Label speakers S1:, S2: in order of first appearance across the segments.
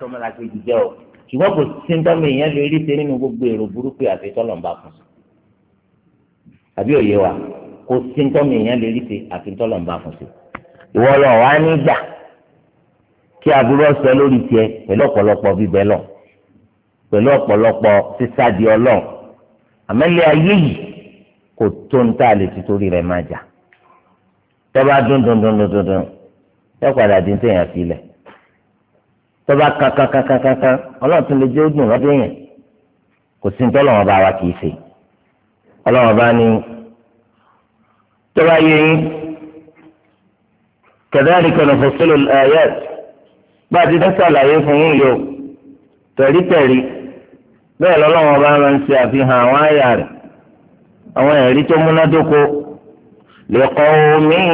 S1: tọmọlá kejì jẹ́ o ṣùgbọ́n kò sí ń tọ́mọ èèyàn lè rí ṣe nínú gbogbo èrò burúkú àti tọ́lọ̀mbà fún un àbí òye wa kò sí ń tọ́mọ èèyàn lè rí ṣe àti tọ́lọ̀mbà fún un ìwọ lọ wá nígbà kí aburú ọsẹ lórí tiẹ̀ pẹ̀lú ọ̀pọ̀lọpọ̀ bíbẹ lọ pẹ̀lú ọ̀pọ̀lọpọ̀ sísádi Ọlọ́run àmẹlẹ ayé yìí kò tó ń tà lè ti torí rẹ̀ máa jà tọba dundundundundun ẹ padà dín téèyàn sílẹ̀ tọba kankankankankan ọlọ́run tún lè jẹ́ ó dùn lọ́dún yẹn kò sí nítorí ọlọ́run ọba wa kì í ṣe ọlọ́run ọba ni tọba yẹ yín kadhalika nufassilu al-ayat bá a ti dá sàlàyé fún yín yóò tẹ̀rítẹ̀rí bẹ́ẹ̀ lọ́lọ́run ọba máa ń ṣe àfihàn àwọn àyà rẹ̀ àwọn ẹ̀rí tó múnádóko li qawmin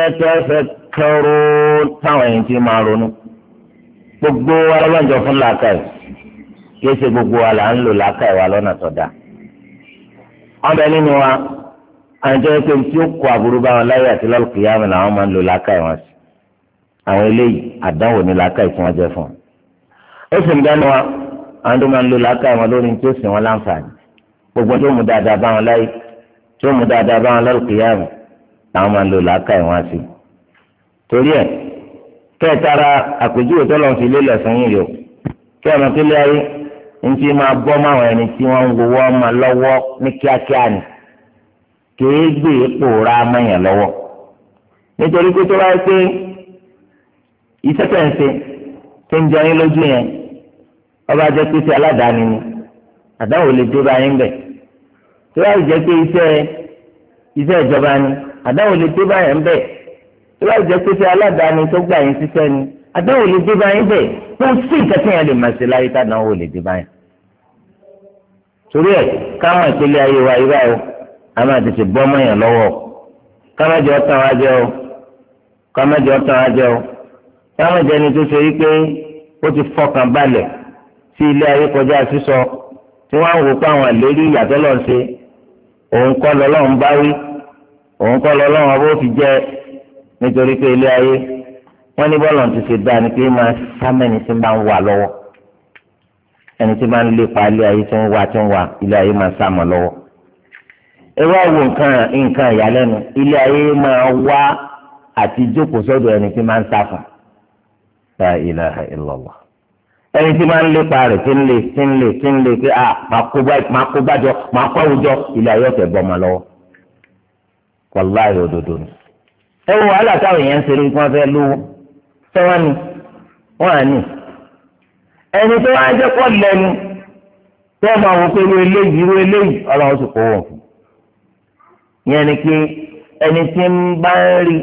S1: yatafakkarun táwọn ẹ̀yìn ti máa ronú gbogbo ọlọ́njọ fún làákàyè kìí ṣe gbogbo wa là ń lò làákàyè wa lọ́nà tọ́da ọ̀bẹ nínú wa àjọ pé tí ó kó aburú bá wọn láyé àti lálùkìyàmù làwọn máa ń lò làákàyè wọn sí àwọn eléyìí àdánwò ní làákàyè tí wọ́n jẹ́ fún wọn ó sì ń dánú wa àwọn tó máa ń lò làákàyè wọn lórí tí ó sì wọn láǹfààní gbogbo tó mú dáadáa bá wọn láyé tó mú dáadáa bá wọn lálùkìyàmù làwọn máa ń lò làákàyè wọn sí torí ẹ̀ kẹtara àpèjúwe tó lọ́n fi lélẹ̀ fún yín yìí o kí ọmọ kílé ayé ń fi máa bọ́ máwọn ẹni tí wọ́n ń gbowó ọmọ lọ́wọ́ ní kíákíá ni kìí gbé pòórá mẹ́yàn lọ́wọ́ nítorí pé tó bá pé iṣẹ́ tẹ̀sẹ̀ tó ń jẹ yín lójú yẹn ọba pé ti aládàáni ni àdáwò lè dé bá tó bá pé ìjọba ni àdáwò lè dé ìwà ìjẹ́pẹ́sẹ́ aládàáni tó gbà yín síṣẹ́ ni àdáwò lè dé báyìí bẹ́ẹ̀ kó sí nǹkan tí yẹn lè máa ṣe láyé tá àdáwò lè dé báyìí. torí ẹ káwọn ìpínlẹ̀ ayé wa irú àwọn a máa tètè bọ́ mọ́yàn lọ́wọ́ kámẹ́jọ o o ẹni tó ṣe wípé ó ti fọkàn sí ilé kọjá sísọ tí wò pé àwọn àlérí nítorí pé ilé ayé wọ́n ní bọ́ọ̀lù ti ṣe dáa ni pé máa sámẹ́ni tí ń bá ń wà lọ́wọ́ ẹni tí máa ń lépa ilé ayé tí ń wà tí ń wà ilé ayé máa sámọ̀ lọ́wọ́ ẹwà wo nǹkan nǹkan ìyàlẹ́nu ilé ayé máa wá àti jókòó sọ́dọ̀ ẹni tí máa ń sáfà la ilaha illallah ẹni tí máa ń lépa rẹ̀ tí ń lè tí ń lè tí ń lè pé ah, máa kó bájọ máa kó àwùjọ ilé ayé ọ̀tẹ̀ bọ́ ọmọ ẹ wo wàhálà táwọn èèyàn ń ṣe lórí kí wọ́n fẹ́ lówó sẹ́wọ́n ni wọ́n á nì ẹni tó wá jẹ́ pọ̀ lẹ́nu tẹ́ máa wò pé irú eléyìí irú eléyìí ọlọ́run sì kó wọn fún yẹn ni pé ẹni tí ń bá ń rí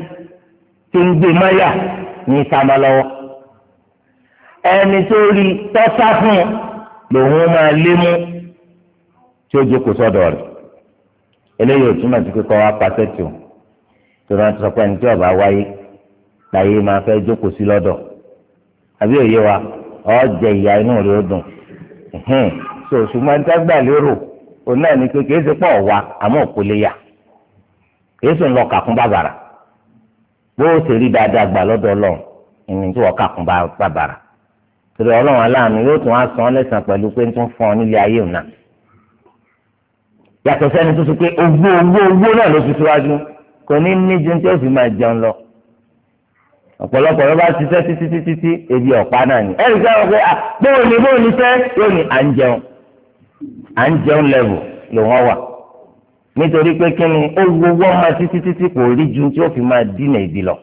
S1: tí ń gbé máyà ní sábà lọ́wọ́ ẹni tó rí tọ́sá fún lòun máa lé mú tí ó jókòó sọ́dọ̀ rẹ̀ eléyìí ò túmọ̀ sí pé kọ́ wá pa tẹ́tì o. tó náà sọ ẹni tí ọba wáyé láyé máa fẹ́ jókòó sí lọ́dọ̀ àbí òye wa ọ ìyá inú rẹ ó dùn so ṣùgbọ́n lérò òun náà ni pé kìí ṣe pọ̀ wá lọ kàkún bàbàrà bó o ṣe rí dáadáa gbà lọ́dọ̀ ọlọ́run ìní tí wọ́n kàkún bàbàrà ọlọ́run aláàánú yóò tún á san án lẹ́sàn pẹ̀lú pé ń tún fún ọ nílé ayé òun náà yàtọ̀ sẹ́ni kò ní ní ju tí ó fi máa jẹun lọ ọ̀pọ̀lọpọ̀ ló bá ṣiṣẹ́ títí títí tí ebi ọ̀pá náà ni ẹ̀rí sẹ́wọ̀n pé ah, bóun ni bóun ni sẹ́ yóò ní à ń jẹun à ń jẹun lẹ́wù ló wọ́n wà nítorí pé kí ni ó wo wọ́n máa títí títí kò rí ju tí ó fi máa dínà ìdí lọ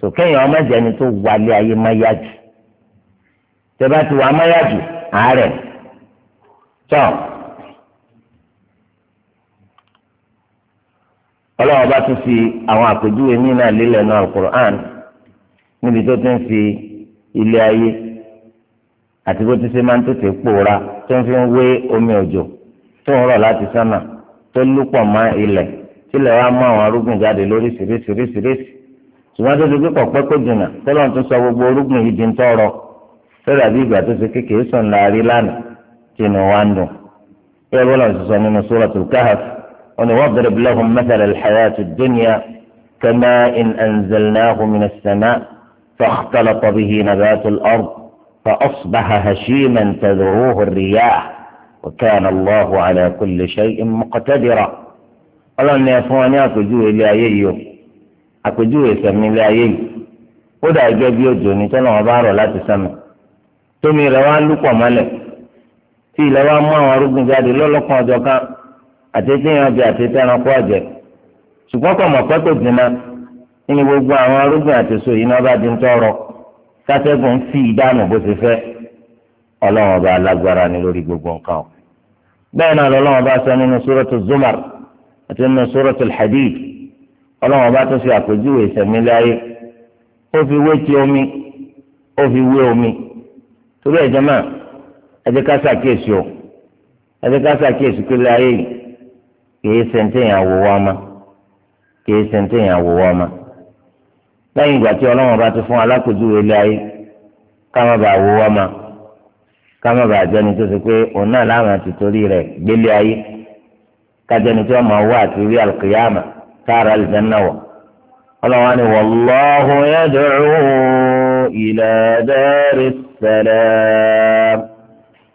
S1: sòkèèyàn ọmọ ìjẹni tó wálé ayé má jù tẹ bá ti wà má jù àárẹ̀ tán. ọlọ́wọ́ bá tún fi àwọn àpèjúwe ní náà lílẹ̀ náà alukur'an níbi tó ti ń fi ilé ayé àti bó ti ṣe máa ń tètè pòórá tó ń fi ń wé omi òjò tó ń rọ̀ láti sánà tó lúpọ̀ mọ́ ilẹ̀ tílẹ̀ wá mú àwọn arúgbìn jáde lórí ṣìríṣìríṣìríṣì ṣùgbọ́n tó ti gbé pọ̀ pẹ́pẹ́ jìnnà tọ́lọ́n tún sọ gbogbo orúgbìn yìí di ń tọrọ fẹ́rẹ̀ bí ìgbà tó ṣe kékeré sùn láàrí lánàá tìǹwá ń dùn bẹ́ẹ̀ bọ́lá ń sọ nínú Suratul Kahf ونضرب لهم مثل الحياة الدنيا كماء إن أنزلناه من السماء فاختلط به نبات الأرض فأصبح هشيما تذروه الرياح وكان الله على كل شيء مقتدرا قالوا أني أفواني أكجوه إلى أيه أكجوه سمي إلى أيه قد أجاب يجوني تنو وظهر لا تسمع تمي روان لكم ملك في لوان ما وربني قال لو لكم أجوكا àtẹtẹ yẹn jẹ àtẹtẹ ẹranko ọjẹ ṣùgbọ́n kọ mọ pẹtọ jìnnà nínú gbogbo àwọn arúgbìn àtẹsọ yìí náà bá di ń tọrọ sátẹgùn ń fi ìdánù bó ti fẹ́ Ọlọ́run ọba alágbára ni lórí gbogbo nǹkan o bẹ́ẹ̀ náà lọ́lọ́run ọba sọ nínú sórọtù zumar àti nínú sórọtù hadid Ọlọ́run ọba tó fi àpèjúwe ìsẹmíláyé ó fi wé ti omi ó fi wé omi torí ẹjẹ náà ẹjẹ ká sàkíyèsí o ẹjẹ ká sàkíyèsí yìí kìí ṣe ń tẹ̀yàn wò wọ́n ma kìí ṣe ń tẹ̀yàn wò wọ́n ma lẹ́yìn ìgbà tí ọlọ́run bá ti fún alákòjúwe ilé ayé ká má bàa wò wọ́n ma ká má bàa jẹ́ni tó ṣe pé òun náà láwọn torí rẹ̀ gbélé ayé tí wọ́n máa wá àti rí wọ̀ ọlọ́run á ní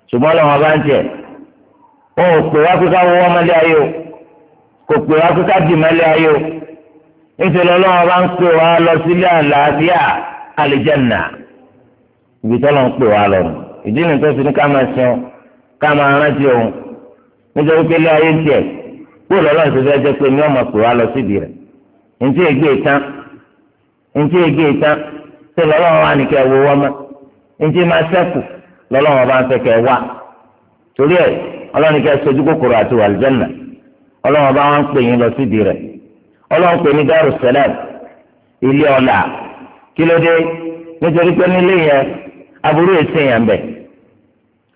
S1: ṣùgbọ́n ọlọ́run bá ń o. kò pè wá pé ká di mẹ́lẹ́ ayé o níṣẹ́ lọ́lọ́wọ́ bá ń pè wá lọ sílé àlàáfíà ibi tọ́lọ́ ń pè wá lọ nù ìdí nìyí tó fi ní ká máa sẹ́wọ̀n ká máa rántí òun nítorí pé ayé tiẹ̀ kó lọ́lọ́run ti fẹ́ jẹ́ pé ní ọmọ pè wá lọ síbi rẹ̀ ntí ìtàn ntí ìtàn lọ́lọ́run wà ní kẹ́ wo ọlọ́wọ́n bá wọn pè yín lọ sídìí rẹ̀ ọlọ́wọ́n pè ní dárò sẹ́lẹ̀m ilé ọ̀la kí ló dé nítorí pé nílé yẹn aburú èsì yẹn bẹ̀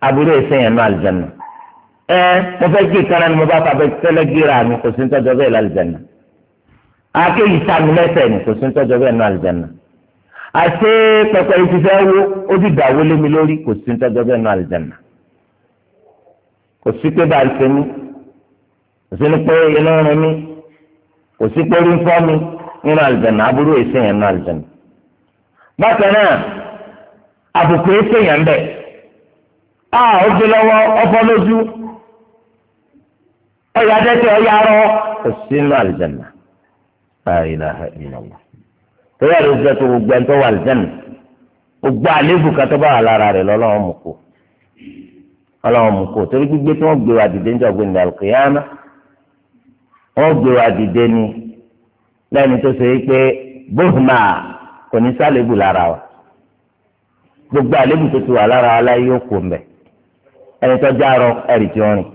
S1: aburú èsì yẹn nù àlùjánnà ẹ mo fẹ́ gbé kára ni mo bá fàbẹ tẹ́lẹ̀ gbéra mi kò sí ń tọ́jọ́ bẹ́ẹ̀ lálùjánnà akéyìí sami lẹ́sẹ̀ ni kò sí ń bẹ́ẹ̀ nù àlùjánnà àti pẹpẹ yìí wo ó ti dàwó lé mi lórí kò sí ń bẹ́ẹ̀ nù àlùjánnà kò sí pé bá a ṣe mí. kò sí ní pé inú rìn mí kò sí pé fọ́ mi nínú àlùjànnà aburú èsì yẹn nínú àlùjànnà. bákan náà àbùkù èsì yẹn bẹ̀ á ó gbé lọ́wọ́ ọfọ́ lójú ọ̀yà dẹ́tẹ̀ ọ̀yà rọ kò sí nínú ụgbọ la ilaha illallah tó gbogbo ẹni tó wà gbogbo kan tó bá wà lára rẹ̀ wọ́n gbé wa dìde ni lẹ́ni tó ṣe pé bóhùnmá kò ní sálébù lára wa gbogbo àlébù tó ti wà lára wa láyé yóò kó mbẹ ẹni tó járọ ẹ̀rì tí ó rìn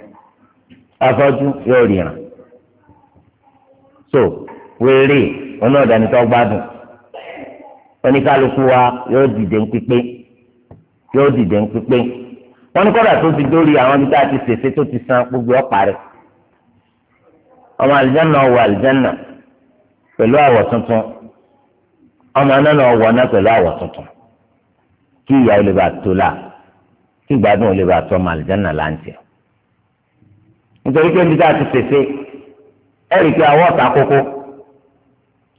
S1: afọ́jú yóò ríran so wéré ọ̀nà ọ̀dà ni tó gbádùn oníkálukú wa yóò dìde ń pípé yóò dìde ń pípé wọ́n ní kọ́dà tó fi dórí àwọn ibi tá a ti ṣèṣe tó ti san gbogbo ọ̀pá rẹ̀ ọmọ àlìjáná wọ àlìjáná pẹ̀lú àwọ̀ tuntun ọmọ anáná wọ náà pẹ̀lú àwọ̀ tuntun kí ìyá olè bá tó la kí ìgbádùn olè bá tó ọmọ àlìjáná là ń tẹ̀. nítorí pé nígbà tí fèsì ẹ̀rì pé àwọ̀ ta kókó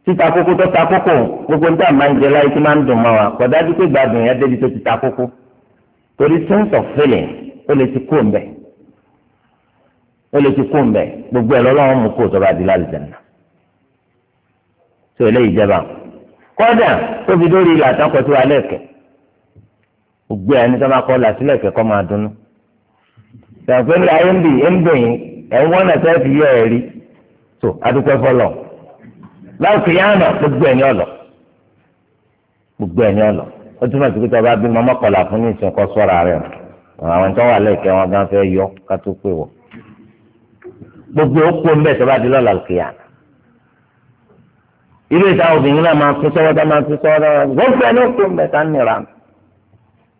S1: títa kókó tó ta kókó gbogbo níta máa ń jẹ láyé tí máa ń dùn mọ́ wa kọ̀dájú pé ìgbádùn yẹn débi tó ti ta kókó torí sense of feeling ó lè ti kó mbẹ́ ó lè ti kó mbẹ gbogbo ẹ lọ́lọ́run mú kó tó bá di lálùjáná tó eléyìí jẹba kódà tóbi lórí ilà àtàkọ tó wà lẹkẹ gbogbo ẹni tó máa kọ là sílẹ̀ kẹkọ máa dunnú tẹ̀sán ní ayé ń bì ń bì yín ẹ̀ ń wọ́n náà sẹ́ẹ̀ fi yọ ẹ̀ rí tó adúpẹ́ fọlọ́ láwùjọ yá àná gbogbo ẹ̀ ní ọ̀lọ́ gbogbo ẹ̀ ní ọ̀lọ́ ó túmọ̀ sí pé tọ́ba bí mọ́mọ́kọ̀lá fún ní ìsìnkọ́ sọ́ra rẹ̀ àwọn tó wà lẹ́kẹ̀ẹ́ wọn gan fẹ́ yọ ká tó pè wọ́n gbogbo okpo ń bẹ tó bá di lọ́la òkèèyà irú ìta obìnrin náà máa tún sọ́wọ́dá máa tún sọ́wọ́dá gbogbo ẹni okpo ń bẹ tá ń nira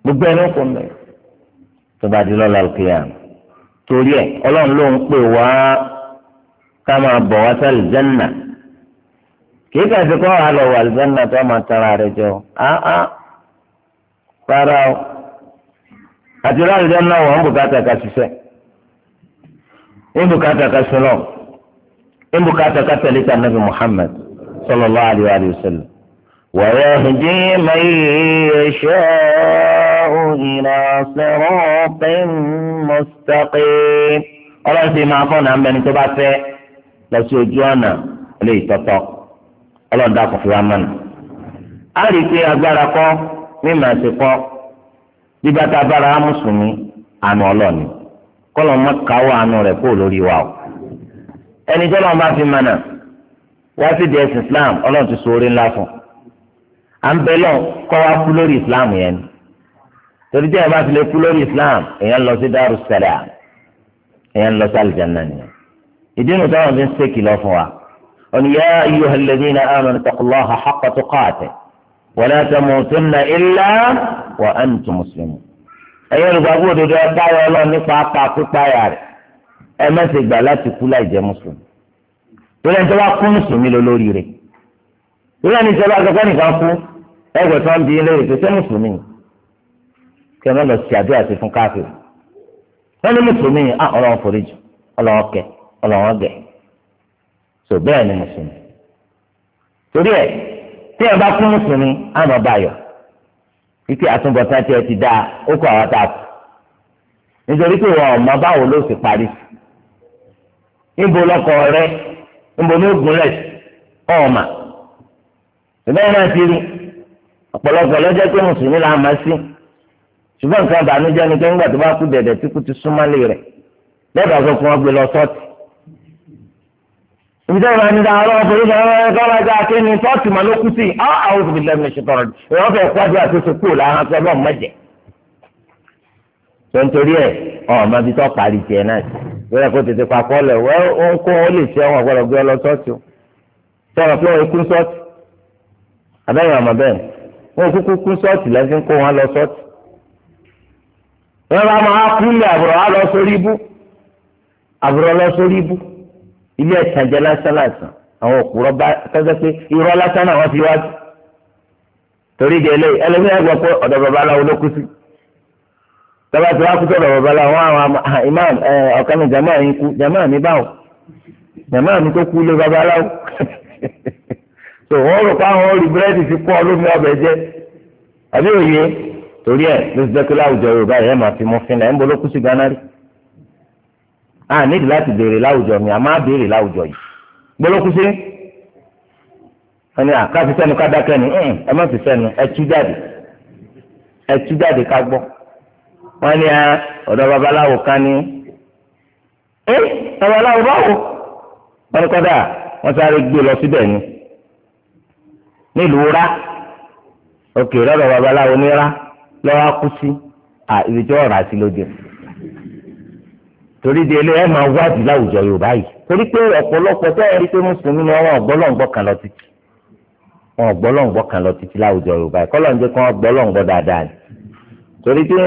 S1: gbogbo ẹni okpo ń bẹ tó bá di lọ́la òkèèyà torí ẹ ọlọ́run ló ń pè wá ká máa bọ̀ wá sálì jẹ́nà kì í kàṣí kọ́ àlọ́ wà lìjẹ́nà tó máa tara rẹ jọ áá rárá o àti rárá ìjẹ́nà wọ̀ ń bùkátà ká ṣiṣẹ́ ó ń bùkátà ká sinọ ó ń bùkátà ká tẹ̀lé ta nabi Muhammad sallallahu alayhi wa sallam. ويهدي من يشاء إلى صراط مستقيم ọlọ́run ti máa fọ́nà ń bẹni tó bá fẹ́ lọ sí ojú ọ̀nà ilé ìtọ́tọ́ ọlọ́run dákun fi wá mọ́nà. a rí i pé agbára kọ́ mímọ̀ àti kọ́ bí bàtà bára mùsùlùmí àmọ́ ọlọ́ọ̀ni kọlọ ma káwọ àánú rẹ̀ kó lórí wa o ẹni tí Ọlọ́run bá fi mànà wá sí di ẹ̀sìn Islam Ọlọ́run ti so orí ńlá fún à ń bẹ lọ kọ wá kú lórí Islam yẹn ni torí tí ẹ bá ti lè kú lórí Islam èèyàn lọ sí Daru Salam èèyàn lọ sí alìjánná nìyẹn ìdí nu táwọn fi ń ṣe kìlọ̀ fún wa òní yá ayyuha alladhina amanu taqullaha haqqa tuqatihi wa la tamutunna illa wa antum muslimun ẹ̀yin olùgbàgbọ́ òdodo ẹ báyọ̀ ọlọ́run nípa apá pípáyà rẹ̀ ẹ mẹ́sẹ̀ gbà láti kú láì jẹ́ mùsùlùmí torí ẹni tó bá kú mùsùlùmí lọ lórí rẹ̀ torí ẹni tó bá gbẹ́gbẹ́ nìkan kú ẹgbẹ́ tó ń bí ilé rẹ̀ tó sẹ́ mùsùlùmí kí ẹ má lọ sí àdúrà sí fún káfíìn wọ́n ní mùsùlùmí à ah, ọlọ́run foríjì ọlọ́run kẹ ọlọ́run gẹ̀ tó bẹ́ẹ̀ ni mùsùlùmí torí ẹ tí ẹ bá kú mùsùlùmí á bá yọ̀ ike àtúbọ̀tán tiẹ̀ ti dáa ó kọ àwọn tá a kù nítorí pé wọn ọmọ báwo ló sì parí níbo lọkọ rẹ níbo ní ogun rẹ ọmọ ìbẹ́rẹ̀ náà ti rí ọ̀pọ̀lọpọ̀ lọ́jọ́ pé mùsùlùmí la máa sí ṣùgbọ́n nǹkan ìbànújẹ́ ni pé ńgbà tó bá kú dẹ̀dẹ̀ tí kú ti súnmọ́lé rẹ̀ lẹ́bàá sọ fún wọn gbé lọ sọ́ọ̀tì ibi tẹ́lẹ̀ máa ń da ọlọ́wọ́ pẹ̀lú ìṣẹ̀lẹ̀ ọlọ́wọ́ ẹ̀kọ́ máa dá aké ní tọ́ọ̀tì máa ló kú sí ọ́ àwọn òbí lẹ́nu ṣe tọrọ ìwọ fẹ́ kó àdúrà tó so kúrò láhàn tó ọlọ́run mẹ́jẹ̀. tó ń torí ẹ ọmọ ibi tó parí tiẹ̀ náà lórí ẹ̀kọ́ tètè papọ̀ lẹ̀ wẹ́ òun kó o lè ṣe ọmọ gbọ́dọ̀ gbé ọ lọ sọ́ọ̀tì sọ̀rọ̀ pé òun kún sọ́ọ̀tì abẹ́yẹn ọmọ bẹ́ẹ̀ wọn kúkú kún sọ́ọ̀tì lẹ́sìn kó wọn lọ sọ́ọ̀tì wọ́n bá máa kúlẹ̀ ilé ẹ̀sán jẹ́ lásán lásán àwọn òkúrọ̀ bá kẹ́sẹ́ pé irọ́ lásán náà wọ́n fi wá sí torí ìdí ẹlẹ́yìn ẹlẹ́mìíràn gbọ́ pé ọ̀dọ̀ babaláwo ló kú sí tọ́ba tí wọ́n á kú sọ̀dọ̀ babaláwo wọn àwọn imam ọ̀kan jama yín kú jama mi báwò jama mi tó kú lé babaláwo tó wọ́n rò pé àwọn orí búrẹ́dì fi kọ́ olómi ọbẹ̀ jẹ́ àbí òye torí ẹ̀ ló ti dẹ́kun a nídìí láti béèrè láwùjọ mi a máa béèrè láwùjọ yìí gbọ́lọ́kú sí wọn ni àká fi sẹ́nu ká dákẹ́ ni ẹ má fi sẹ́nu ẹ tú jáde ẹ tú jáde ká gbọ́ wọn ni ọ̀dọ̀ babaláwo kan ní ẹ babaláwo báwo wọn ni kọ́dà wọn sáré gbé lọ síbẹ̀ ni nílùú rá òkè lọ́dọ̀ babaláwo ní rá lọ́wọ́ kú sí ibi tí wọ́n rà sí lóde torí de ilé ẹ máa wádìí láwùjọ yorùbá yìí torí pé ọ̀pọ̀lọpọ̀ tẹ́ ẹ rí pé mùsùlùmí ni wọ́n ọ̀gbọ́lọ́ǹgbọ́ kan lọ títí wọn ọ̀gbọ́lọ́ǹgbọ́ kan lọ títí láwùjọ yorùbá yìí kọ́lọ̀ ń jẹ́ kí wọ́n ọ̀gbọ́lọ́ǹgbọ́ dáadáa ni torí pé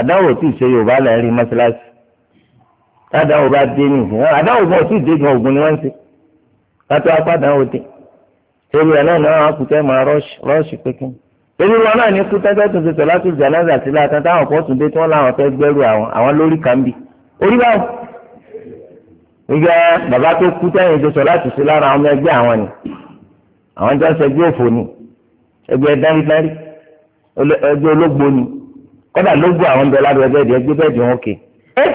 S1: àdáwò tí ì ṣe yorùbá lẹ́ rí mọ́ṣáláṣí tádáwò bá dé ní ìfún àdáwò bá sì dé gan ogun ni wọ́n ń ṣe kátó apádáwò dé torí ẹ̀ náà ni wọ́n á kú tẹ́ máa rọ́ọ̀ṣì pékin èmi wọn náà ní kú tẹ́tẹ́ tuntun tẹ̀ láti jàǹdà sílẹ̀ àtàtà àwọn pọ́ọ̀tù dé tí wọ́n láwọn fẹ́ gbẹ́rù àwọn àwọn lórí kàmbì orí báyìí nígbà bàbá tó kú tẹ́yìn tó sọ láti ṣe lára àwọn ẹgbẹ́ àwọn ni àwọn tó ń ṣẹgbẹ́ òfò ni ẹgbẹ́ dárídárí ẹgbẹ́ ológbò ni kọ́dà lógbò àwọn bẹ lábẹ́ ẹgbẹ́ ẹ̀dì ẹgbẹ́ bẹ́ẹ̀dì wọn kè é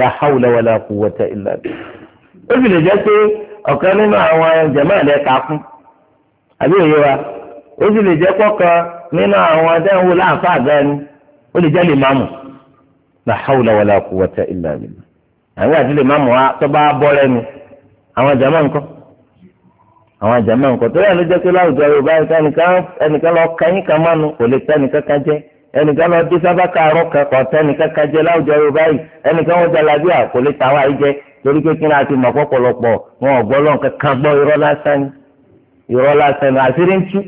S1: la hawla wala quwwata illa billah ó sì lè jẹ́ pé ọ̀kan nínú àwọn jẹ̀mọ́ ẹ̀lẹ́ ta kún àbí òye wa ó sì lè jẹ́ kọ́kan nínú àwọn adẹ́wò láǹfààní ó lè jẹ́ lè máa mú la hawla wala quwwata illa billah àwọn àti lè má mọ̀ wá tó bá bọ́ lẹ́nu àwọn jàmá ńkọ́ àwọn jàmá ńkọ́ tó yà ló jẹ́ pé láwùjọ yorùbá ẹnìkan lọ kẹ́yìn kan mánu kò lè tẹ́nìkan kan jẹ́ ẹnìkan lọ dé sábàkà àárọ̀ kan kò tẹ́nìkan kan jẹ́ láwùjọ yorùbá yìí ẹnìkan wọn jalabi à kò lè tàwa yìí jẹ́ torí pé kí ni àti mọ̀ pọ̀pọ̀lọpọ̀ wọn ò gbọ́ lọ́n kankan gbọ́ irọ́ lásán irọ́ lásán àṣírí ń tú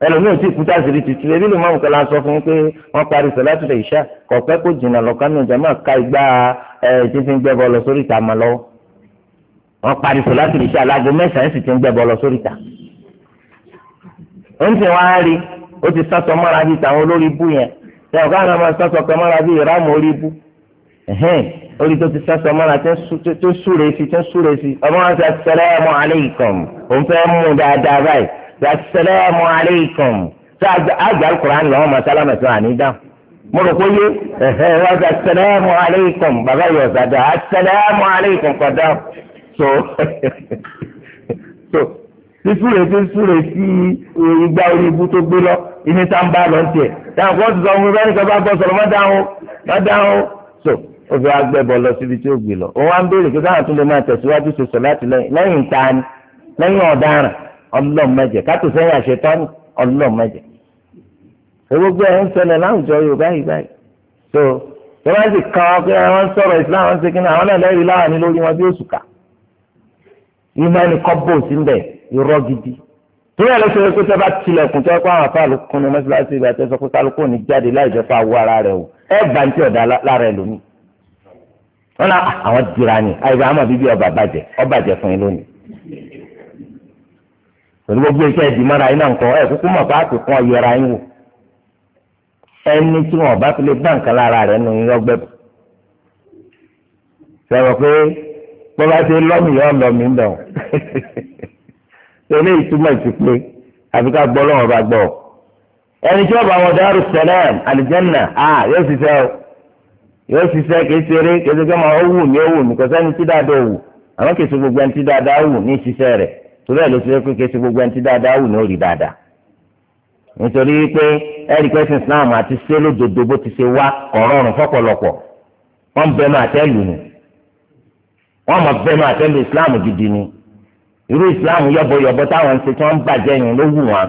S1: ẹlòmíì tí kúta àṣírí ti tú ebi lè má nǹkan la sọ fún un pé wọn parí sọ láti lè ṣá kọpẹ kó jìnnà lọkànnù jama ká igbá ẹ títí ń gbẹbọ lọ sórí ìta mọ lọ́wọ́ wọn parí sọ láti lè ṣá láago mẹ́sàn-án sì ti ń gbẹbọ lọ sórí ìta. ó ń tẹ wọn á rí ó ti sásọ mọ́ra bíi tàwọn olórí ibú yẹn ṣé ọ̀gá àná máa sásọ kan mọ́ra bíi ìráàmù orí ibú orí tó ti sásọ mọ́ra tó súre sí tó súre sí ọmọ wọn sọ asalaamu aleykum sọ àgbà alukur'an lọ́wọ́ masalama sọ ànídá mo rò pé yé ẹ̀hẹ́ wọ́n sọ asalaamu aleykum bàbá yóò sàdá asalaamu aleykum kọ̀dá so so sísúre tí súre sí ìgbà oníbu tó gbé lọ ìní tá n bá lọ tiẹ̀ táwọn kan ti sọ fún mi bẹ́ẹ̀ ni kò bá bọ́ sọ̀rọ̀ má dáhùn má dáhùn so ó fi wá gbẹ lọ síbi tí ó gbé lọ òun wá ń béèrè pé káwọn tún lè máa tẹ̀síwájú ṣe sọ láti lẹ́yìn lẹ́yìn ìtaani lẹ́yìn ọ̀daràn ọlọ́run mẹ́jẹ kátó sẹ́yìn àṣetọ́nù ọlọ́run mẹ́jẹ. gbogbo ẹ̀ ń ṣẹlẹ̀ láwùjọ yorùbá yìí báyìí so tó bá sì kàn wọ́n pé àwọn sọ̀rọ̀ islam wọn ṣe kíni àwọn náà lẹ́rìí láwọn ní lórí wọn bí oṣù ká ìmọ̀ ẹni kọ́ bò sí mbẹ̀ irọ́ gidi torí ẹ̀ ló ṣe pé tẹ́ bá tilẹ̀kùn tẹ́ kó àwọn afáàlùkùn ní mọ́ṣáláṣí ìgbà tẹ́ sọ pé kálukú ní jáde láì jẹ́ fún awọ ara rẹ̀ o ẹ̀ bá ń tí ọ̀dà lára ẹ̀ lónìí wọn náà ah, àwọn dira ni àyè torí gbogbo iṣẹ́ ìdìmọ́ra yín náà ń kọ́ ẹ̀ kúkú mọ̀ bá ti kún ọ̀yẹ́ra yín wò ẹni tí wọn bá fi lè bá nǹkan lára rẹ̀ nù yín ọgbẹ́ bù sọ̀rọ̀ pé bó bá ṣe lọ́mì yọ lọ́mì ń bẹ̀ wọ́n eléyìí túmọ̀ sí pé àfi ká gbọ́ lọ́wọ́ bá gbọ́ ẹni tí wọ́n bá wọn dárò sẹ́lẹ̀m àlìjẹ́nà à yóò ṣiṣẹ́ o yóò ṣiṣẹ́ kìí ṣeré kí wọ́n wù mí ó wù kò sẹ́ni tí dáadáa wù àwọn kìí gbogbo ẹni tí dáadáa wù ní ṣiṣẹ́ rẹ̀ torí ẹ̀ ló ti rẹ́ pé kìí ṣe gbogbo ẹni tí dáadáa wù ní orí dáadáa nítorí pé ẹ̀rí pẹ́sì Islam àti sẹ́lódodo bó ti ṣe wá ọ̀rọ̀rùn fọ́pọ̀lọpọ̀ wọ́n bẹnu àtẹ́lù ni wọ́n mọ̀ bẹnu àtẹ́lù Islam gidi ni irú Islam yọ̀bọ̀yọ̀bọ̀ táwọn ń ṣe tí wọ́n ń bàjẹ́ yẹn ló wù wọn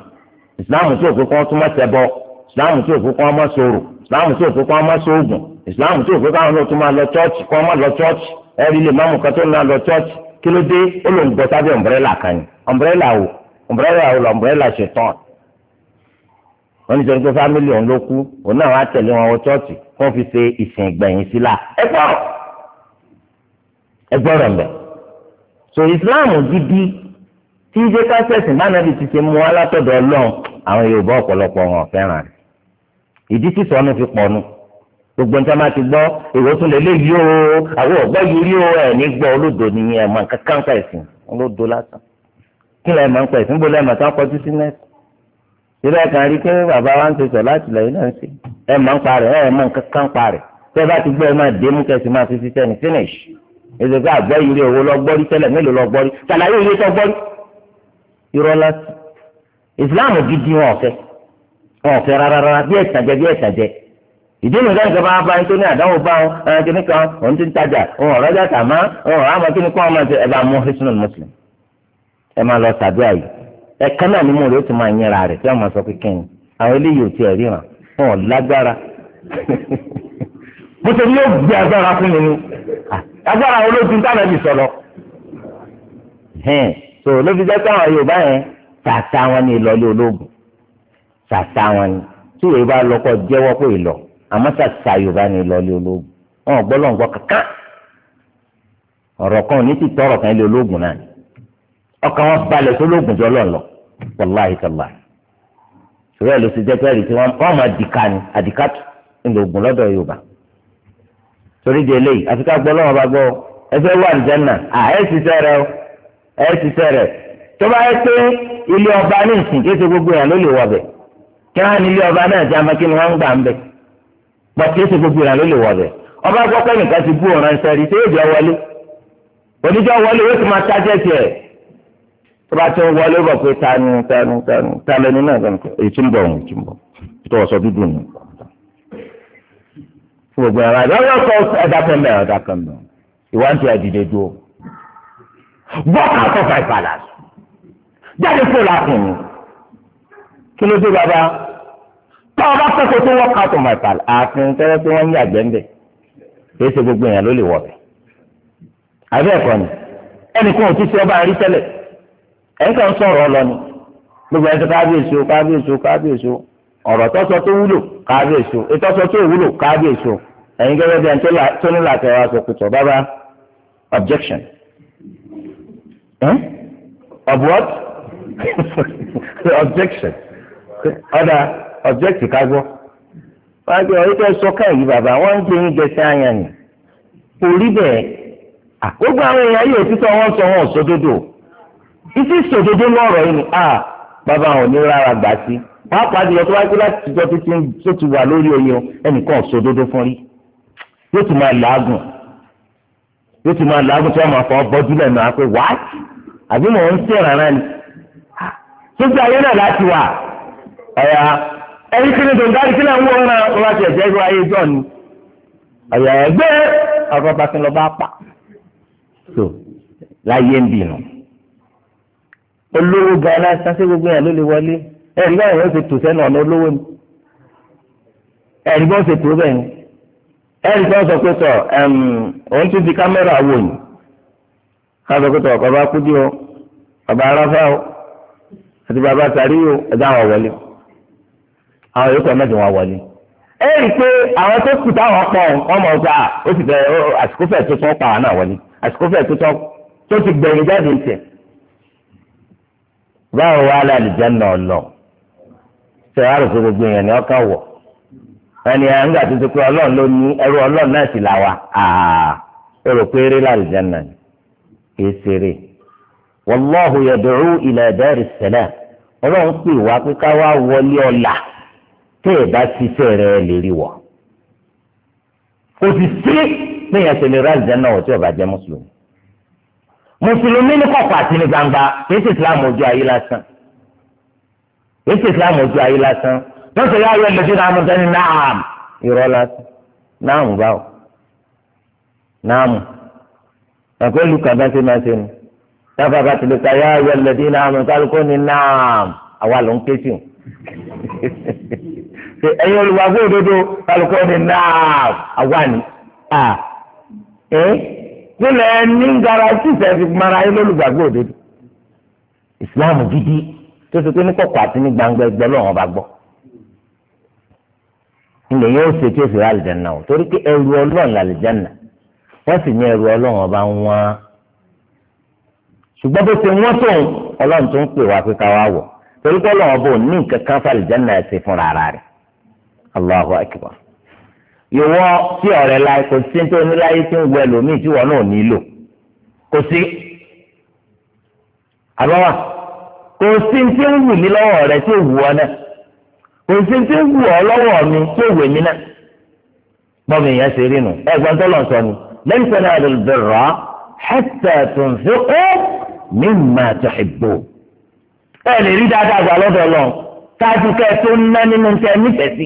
S1: Islam tí òkú kan túmọ̀ ṣẹbọ Islam tí òkú kan mọ̀ sòrò Islam tí òkú kan mọ̀ sóògùn Islam tí òkú kan tó máa lọ chọ́ọ̀chì kan mọ̀ lọ chọ́ọ̀chì ẹ̀rí kí ló dé ó lòún bọ́ sábẹ́ ọ̀mbrẹ́là kan ni ọ̀mbrẹ́là wo ọ̀mbrẹ́là wo lọ ọ̀mbrẹ́là ṣe tán wọ́n ní sọ́dún pé fámìlì òun ló kú òun náà wá tẹ̀lé wọn wọ chọ́ọ̀tì kí fi ṣe ìsìn ìgbẹ̀yìn sílá ẹ gbọ́rọ̀ ẹ gbọ́rọ̀ so Islam gidi tí ìjẹ́ kásẹ̀sì bánàbí ti ṣe mú alátọ̀dọ̀ ọlọ́run àwọn Yorùbá ọ̀pọ̀lọpọ̀ wọn fẹ́ràn rẹ̀ ìdí sísọ ọ̀nù fi pọ̀nù gbogbo nǹkan máa ti gbọ́ èrò tún lè léyìí o àwọn ọ̀gbọ́n yìí rí o ẹ̀ ní gbọ́ olódò nìyẹn ẹ̀ máa kankan ń pẹ̀sìn olódò lásán kí lẹ́ẹ̀ máa ń pẹ̀sìn gbọ́dọ̀ ẹ̀ máa tán kọjú sí nẹ́ẹ̀sì ìrẹ́ kan rí pé bàbá wa ń ṣe sọ láti lẹ́yìn náà ń ṣe ẹ̀ máa ń parẹ̀ ẹ̀ máa kankan parẹ̀ tẹ́ bá ti gbọ́ ẹ máa dé mú kẹsì máa fi fi sẹ́ni finish ezeke àgbọ̀ yìí rí owó lọ́gbọ́rí tẹ́lẹ̀ mélòó lọ́gbọ́rí sàlàyé iye tó gbọ́rí Islam gidi wọn ọ̀fẹ́ wọn ọ̀fẹ́ rárá rárá ìdí ìlú ìdáǹkà bá bá nítorí àdáwò bá wọn ẹran kìíní kan òun ti ń tajà òun ọ̀rọ̀ ọjà tàmá òun ọ̀rọ̀ àmọ́ kìíní kan ọmọ ẹ bá mú hisnul muslim ẹ máa lọ sàdúrà yìí ẹ̀ka náà ni mo rò ó ti máa yẹra rẹ̀ tí wọ́n máa sọ pé kẹ́yìn àwọn eléyìí ò tiẹ̀ ríran wọn ò lágbára mo ti yóò gbé agbára fún mi ni agbára wo ló ti ń tàbí sọ̀rọ̀ so ló fi jẹ́ káwọn Yorùbá yẹn tàtà wọn ni ìlọlé ológun tàtà wọn ni tí Yorùbá lọ́kọ̀ jẹ́wọ́ pé ìlọ́ọ̀ àmọ́ sàṣà yorùbá ni lọ́ọ́lẹ́ ológun wọn ò gbọ́dọ̀ ń gbọ́ kankan ọ̀rọ̀ kan ní ti tọrọ kan lé ológun náà ọkàn wọn balẹ̀ tó lóògùn jọ lọ́lọ́ wàláhì tàlá ìṣòro ẹ̀ ló ti jẹ́ pẹ́ẹ́rì tí wọ́n máa dìka ni àdìkàtù ńlọ ògùn lọ́dọ̀ yorùbá torí di eléyìí àfi ká gbọ́ lọ́wọ́ bá gbọ́ ẹ fẹ́ wà ní jẹ́nà à ẹ ti sẹ́rẹ̀ o ẹ ti sẹ́rẹ̀ tó bá yẹ pé ilé ọba ní ìsìn kéṣe gbogbo yẹn ló lè wọ̀ bẹ̀ kí wọ́n ní ilé ọba náà jẹ́ amákíni wọ́n gbà ń bẹ̀ gbọ́ kí ẹsẹ̀ gbogbo ìyàn ló lè wọ̀ bẹ̀ ọba gbọ́kọ́ nìkan ti bú ọ̀ràn sẹ́rí tí yóò jọ wọlé oníjọ wọlé yóò ti máa tájẹ́ tiẹ̀ tó bá ti ń wọlé bọ̀ pé tanu tanu tanu tanu ẹni náà kan èyí tí ń bọ̀ èyí tí ń bọ̀ tó wọ́n sọ dúdú nù gbogbo ara rẹ wọ́n sọ ẹ̀dá kan bẹ́ẹ̀ ẹ̀dá kan bẹ́ẹ̀ ìwádìí àdìdè dúró bọ́ọ̀kà tó fà ìpàdà jáde fún làkùnrin kí ló dé bàbá tá a tó wọ́n ká tó máa tà ààfin tẹ́lẹ̀ tí wọ́n ń yàgbẹ́ ńbẹ̀ kìí ṣe gbogbo èèyàn ló lè wọ̀ bẹ̀. ẹ̀kọ́ ni ẹnìkan ò ti ṣe ọba rí tẹ́lẹ̀ ẹ̀ńkà ń sọ̀rọ̀ lọ ni gbogbo ẹ̀ kábíyèsí o kábíyèsí ọ̀rọ̀ tọ́sọ tó wúlò kábíyèsí ìtọ́sọ tó wúlò kábíyèsí ẹ̀yin gẹ́gẹ́ bí ẹni tó ní làtẹ̀ wá sọ pẹ̀tọ̀ bàbá objection. of what? objection. ọ̀dà. ọjọ́ ìtìkágbọ́ wọ́n á gbé ọ̀rẹ́ tẹ́ sọ bàbá wọ́n ń gbé yín gẹ̀ẹ́sẹ̀ àyàn ni kò rí àkógbó àwọn èèyàn yóò sọ wọn sódodo títí sódodo lọ́rọ̀ yìí ni a bàbá àwọn onírara gbà sí pàápàá jùlọ tó wáyé pé láti títí tó ti wà lórí oyin ẹnìkan fún rí yóò ti máa làágùn yóò ti máa làágùn tí wọ́n máa fọ bọ́jú lẹ́nu àpé àbí ẹni tí ní dòǹgárì tí náà ń wọ ọ́n náà wọ́n ẹ̀jẹ̀ ìlú ayé jọ ni ọ̀yà ẹgbẹ́ ọ̀rọ̀ba tí lọ́ba pa so láyé ń bì nù. olówó gan lásán sí gbogbo yẹn ló lè wọlé ẹ̀rí báyìí wọ́n ti tò sẹ́nu ọ̀nà olówó ni ẹ̀rí bọ́n ti tò bẹ́ẹ̀ ni ẹ̀rí bọ́n sọ pé sọ òun tún di kámẹ́rà wò ni ká sọ pé sọ bàbá kúdí o bàbá aráfá o àti bàbá sàrí o ẹ̀dá àwọn wọlé o. àwọn yòókù ẹ̀mẹ́jọ wọn wọlé ẹ pé àwọn tó kù táwọn pọ̀ wọn mọ̀ ó ti bẹ̀rẹ̀ àsìkò fẹ̀ tó tán pa àwọn náà wọlé àsìkò tó tán tó ti jáde báwo wá lálùjẹ́ lọ ṣe wá gbogbo ni ọkàn wọ̀ ẹni à ń gbà tó ti pé ọlọ́run ló ní ẹrú ọlọ́run náà sì là wá ó rò pé eré ni kì í ṣeré tẹ́ ẹ̀ bá ṣiṣẹ́ rẹ̀ lè rí wọ̀ kò sì sí péyàn ṣe lè ráàlì náà wọ̀ tí ọba jẹ́ mùsùlùmí mùsùlùmí ní kọ̀kọ̀ àti ní gbangba kìí ṣe islam ojú ayé lásán kìí ṣe islam ojú ayé lásán wọ́n sọ yá ayé lójú náà mo sẹ́ni náàm irọ́ lásán náàmù báwò náàmù ẹ̀kọ́ ìlú kan bá ṣe máa ṣe ni dábàá bá ti lè yá ayé lójú náà mo náàm àwa ló ń ké ṣe ẹ̀yin olùwàgbọ́ òdodo kálukú ọdẹ náà àwa ni à ẹ nílẹ̀ ní garanti sẹ́ẹ̀fì mara ayé lólùgbàgbọ́ òdodo ìsìláàmù gidi tó ṣe pé ní kọ̀kọ̀ àti ní gbangba ẹgbẹ́ lọ́wọ́n bá gbọ́ ilẹ̀ yóò ṣe tí ó fi rà àlìjáná o torí pé ẹrù ọlọ́run làlìjáná wọ́n sì ní ẹrù ọlọ́run ọba wọn ṣùgbọ́n bó ṣe wọ́n tó ọlọ́run tó ń pè wá pé ká wá wọ̀ torí pé ọlọ́run ọba ò ní nǹkan kan fàlìjáná ẹ̀ ṣe fúnra rẹ̀ Allahu akbar ìwọ tí ọ̀rẹ́ láì kò sí tó ní láyé tí ń wọ ẹlòmíì tí wọn náà nílò kò sí àbáwá kò sí tí ń wù mí lọ́wọ́ rẹ tí ò wù ọ náà kò sí tí ń wù ọ lọ́wọ́ mi tí ò wù mí náà bọ́ọ̀mù yẹn ṣe rí nu ẹ̀gbọ́n tó lọ sọ ni lẹ́yìn sọ́nà àdùlùbẹ̀rọ̀ hatta tunfiqu mimma tuhibbu ẹ̀ lè rí dáadáa gbà lọ́dọ̀ lọ káàdùkẹ́ tó ń ná nínú tẹ nífẹ̀ẹ́ sí.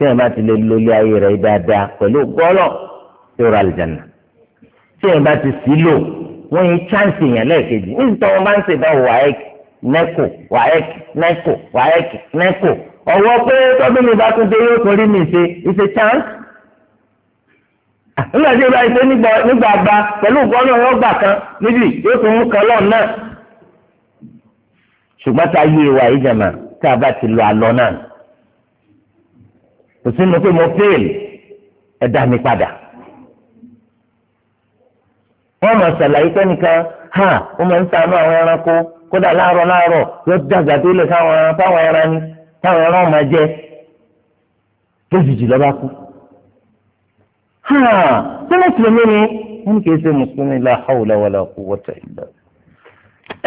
S1: tí wọn bá ti lè lólé ayé rẹ dáadáa pẹ̀lú gọlọ tí ó ra àlùjáná tí wọn bá ti sí lò wọn yìí chance yẹn lẹ́ẹ̀kejì ní ìtọ́ wọn bá ń ṣèdánwò waec neco waec neco waec neco ọwọ́ pé tọ́bí mi bá tún dé yóò tún mi ṣe ìṣe chance ah, nígbà tí ìbá ṣe nígbà gba pẹ̀lú gọlọ wọn gbà kan níbi yóò tún mú kan náà ṣùgbọ́n tá a yé wa ìjàmbá tá a bá ti lọ àlọ́ náà kò sínú pé mo fail ẹ dá mi padà wọ́n mọ̀ ṣàlàyé pẹ́nìkan ha ó máa ń ṣàánú àwọn ẹranko kódà láàárọ̀ láàárọ̀ yóò dàgbà tó lè fáwọn ẹran fáwọn ẹran ni fáwọn ẹran máa jẹ lójijì lọ́ba kú ha ṣé mùsùlùmí ni wọ́n kì í ṣe mùsùlùmí la hawla wala quwwata illa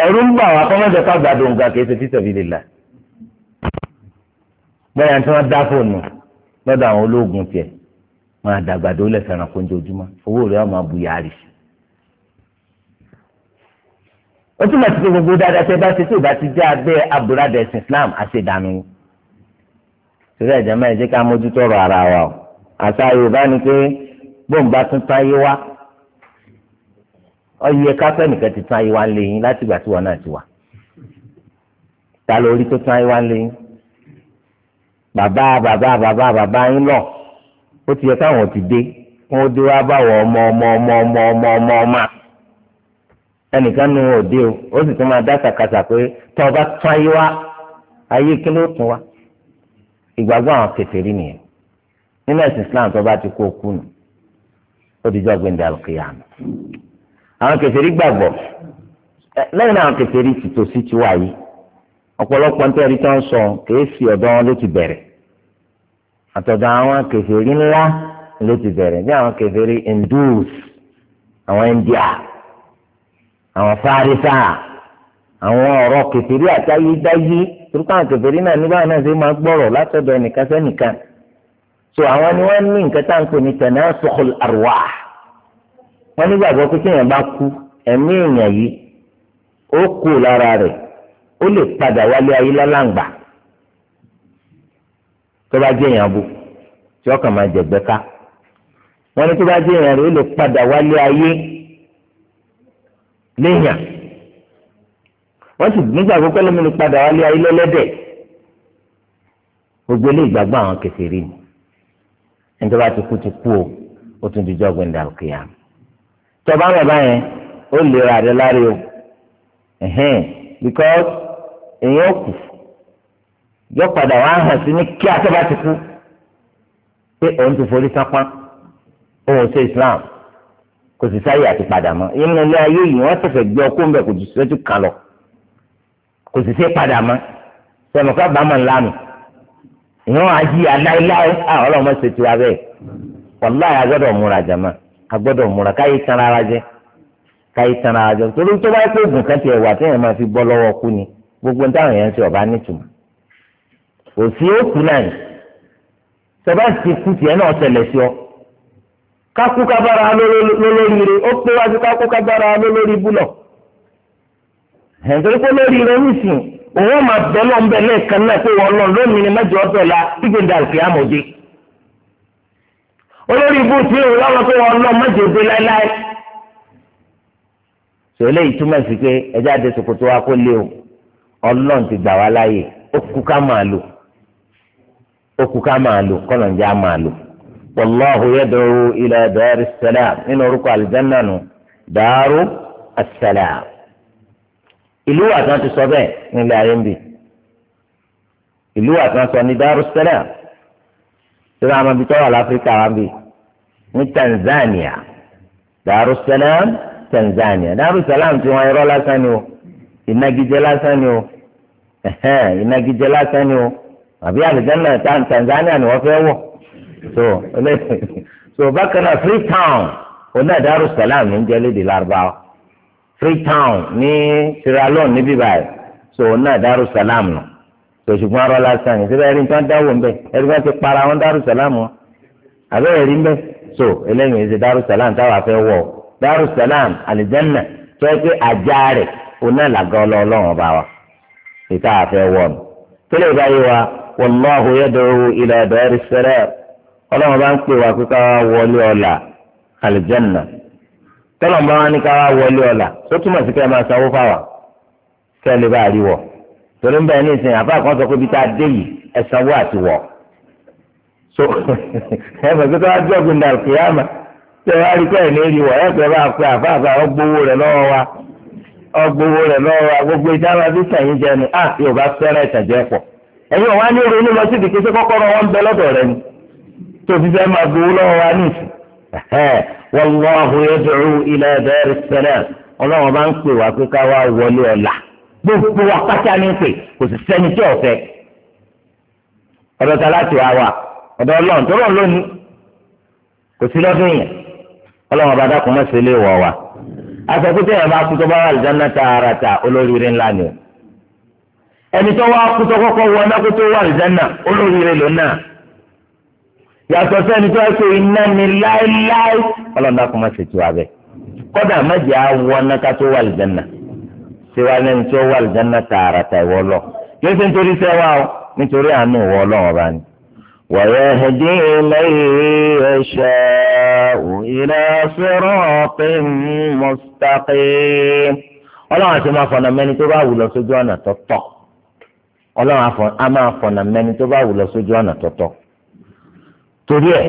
S1: ẹ̀rù ń bà wá kọ́mọ́jọ ká gbàdúrà kì í ṣe fi sabilillah bẹ́ẹ̀ ni wọ́n dá fóònù lọ́dọ̀ àwọn olóògùn tiẹ̀ máa dàgbàdo lẹ́sẹ̀ràn kó ojoojúmọ́ owó rẹ̀ á máa bu yàrá sí. ó túmọ̀ sí pé gbogbo dáadáa tẹ́ bá ṣe tó bá ti jẹ́ abẹ́ abúradà ẹ̀sìn Islam àṣedànù ni. torí ẹ̀jẹ̀ máa jẹ́ ká mójútó ọ̀rọ̀ ara wa o àṣà Yorùbá ni pé bóńbá tún tán yé wá ọyẹ káfẹ́ nìkan ti tán yé wá ń lé yín láti tí wọn náà ti wà ta lórí tó tán yé wá ń lé yín bàbá bàbá bàbá bàbá yín lọ ó ti yẹ káwọn ti dé wọn ó dé wá báwọn ọmọ ọmọ ọmọ ọmọ ọmọ ọmọ ọmọ ẹnìkan nu òde o ó sì tún máa dá kàkàtà pé tọ́ ọba tún ayé wá ayé kí ló tún wá ìgbàgbọ́ àwọn kèfèrí nìyẹn nínú ẹ̀sìn Islam tó bá ti kó okú nù ó ti jọ́ gbẹ̀ndẹ̀ àlùkìyàmù àwọn kèfèrí gbàgbọ́ lẹ́yìn àwọn kèfèrí ti tòsí ti wáyé ọ̀pọ̀lọpọ̀ ntẹ́rì tó ń sọ kèé fi ọ̀dọ́ wọn ló ti bẹ̀rẹ̀ àtọ̀dọ̀ àwọn kèfèrí ńlá ló ti bẹ̀rẹ̀ bí àwọn kèfèrí Hindus àwọn India àwọn Farisa àwọn ọ̀rọ̀ kèfèrí àtayédáyé torí káwọn kèfèrí náà nígbà náà ṣe máa gbọ́rọ̀ látọ̀dọ̀ ẹnìkan sẹ́nìkan so àwọn ni wọ́n ní nǹkan tá à ń pè ní tanasukhul arwah wọ́n nígbàgbọ́ pé kéèyàn bá kú ẹ̀mí èèyàn yìí ó kú lára rẹ̀ ó lè padà wálé ayé lálàǹgbà tó bá jẹ́ èèyàn bu tí ọkàn máa jẹ̀gbẹ́ ká wọ́n ní tó bá jẹ́ èèyàn rẹ̀ ó lè padà wálé ayé léèyàn wọ́n sì nígbà gbogbo ẹlẹ́mi lè padà wálé ayé lẹ́lẹ́dẹ̀ gbogbo ilé ìgbàgbọ́ àwọn kèfèrí ni ẹni tó ti kú ti kú o ó tún dijọ́ gbẹ̀ndà òkè yá tọba àwọn yẹn ó lè ra rẹ lárí o because èèyàn kù yọ padà wá hàn sí ní kí atẹ́bá ti kú pé òun ti forí sápá òun ṣe islam kò sì sáyè àti padà mọ́ inú ilé ayé yìí wọ́n gbé mbẹ kò kan lọ kò sì ṣe padà mọ́ sọmọ ká bàmọ̀ ńlá ìwọ́n aláìláì àwọn ah, ọlọ́mọ ṣe agbọ́dọ̀ múra jàmá agbọ́dọ̀ múra káyé tán ara jẹ káyé tán ara jẹ torí tó bá yẹ oògùn kan fi bọ́ lọ́wọ́ kú ni gbogbo táwọn yẹn ń ṣe ọ̀bá òsì òkú náà ni sọba ti kú tiẹ̀ náà ṣẹlẹ̀ sí ọ kákú kábàrà lólóríire ó pé wájú kákú kábàrà lólórí búlọ ẹ̀ńtọ́rí pé lóríire nísìnyí òun máa bẹ lọ́nbẹ lẹ́ẹ̀kan náà pé wọ́n lọ lónìí ni mẹ́jọ ọ̀dọ̀ la gbígbéǹda òkè àmọ̀dé olórí ibú tí òun lọ́wọ́ pé wọ́n lọ mẹ́jọ òde láéláé sọlẹ́ yìí túmọ̀ sí pé ẹjẹ́ àdéṣokòtò wa kó lé o ọlọ́run ti gbà wá láàyè ó kú ká máa lò okùn ká máa lò kọ́nà ń já máa lò wàláhu yẹ́dọ̀rọ̀ ila dàrí sàlám nínú orúkọ àlùjáná nù dàrú àsàlám ìlú àtàn ti sọ bẹ́ẹ̀ nílẹ̀ ayé ń bì ìlú àtàn sọ ní dàrú sàlám tí wọ́n á máa tọ́wọ́ láfíríkà wá bì ní Tanzania dàrú sàlám Tanzania dàrú sàlám tí wọ́n irọ́ lásán ni o ìnagijẹ lásán ni o ìnagijẹ lásán ni o àbí àlùjáná Tanzania ni wọ́n fẹ́ wọ̀ so so bákan náà Freetown oná Darus Salam ń jẹ́ lédè Lárúbáwá Freetown ní Sierra Leone níbí báyìí so oná Darus Salam nù so ṣùgbọ́n arọ́ lásán yìí síbẹ̀ ẹni tí wọ́n dáwọ́ ń bẹ̀ ẹni tí wọ́n ti para wọn Darus Salam wọn àbẹ́rẹ́ rí ń bẹ̀ so eléyìí ẹ̀ṣẹ̀ Darus Salam táwa fẹ́ wọ̀ Darus Salam àlùjáná tó yẹ pé àjà rẹ̀ oná làgọ́ ọlọ́ọ̀lọ́wọ́n bá wa ìta àfẹ́ wọ̀ nù kílè báyìí wa wàlláhu yad'u ila dari salam ọlọ́run bá ń pè wá pé ká wá wọlé ọ̀la àlìjẹ́nà tọ́lọ́n bá wá ní ká wá wọlé ọ̀la tó túmọ̀ sí kẹ́ ẹ máa sanwó fáwà kẹ́ ẹ lè bá rí wọ̀ torí ń bẹ̀ ní ìsìn àbá kan sọ pé bí tá a dé yìí ẹ sanwó àti wọ̀ so ẹ mọ̀ pé tó wá jọ́ gbìndà kìyàmà tẹ wá rí pẹ́ẹ́ rí wọ̀ ẹ pẹ́ bá pẹ́ àbá àbá ọgbówó rẹ̀ lọ́wọ́ wa ọgbówó rẹ̀ lọ́wọ́ wa gbogbo ìdáná ẹ̀yin ọ̀wá ní ronú lọ síbi kí ṣé kọ́kọ́rọ́ wọn bẹ lọ́dọ̀ rẹ ni tó fi fẹ́ máa gbowó lọ́wọ́ wa ní ìsìn wallahu yad'u ila daris salam ọlọ́run bá ń pè wá pé ká wá wọlé ọ̀la gbogbo wa pátá ní pè kò sì sẹ́ni tí ọ̀fẹ́ láti wá wa ọ̀dọ̀ ọlọ́run tó rọ̀ lónìí kò sí lọ́dún yẹn ẹni tó wá kú tó kọ́kọ́ wọ ọ̀nà kó tó wà lùdánà olóríire lónà yàtọ̀ sẹ́ni tó ẹ̀kọ́ iná ni láéláé ọlọ́dà kò má ṣètò abẹ kọ́dà má jẹ́ àwọ ọ̀nà ká tó wà lùdánà ṣéwá lẹ́ni tó wà lùdánà tààràtà ìwọ lọ kí ṣe nítorí sẹ́wà o nítorí àánú ìwọ ọlọ́run ọba ni. ويهدي من يشاء إلى صراط مستقيم ọlọ́run àti máa fọ̀nà mẹ́ni tó bá ọlọ́run a máa fọ̀nà mẹ́ni tó bá wù lọ sójú ọ̀nà tọ̀tọ̀ torí ẹ̀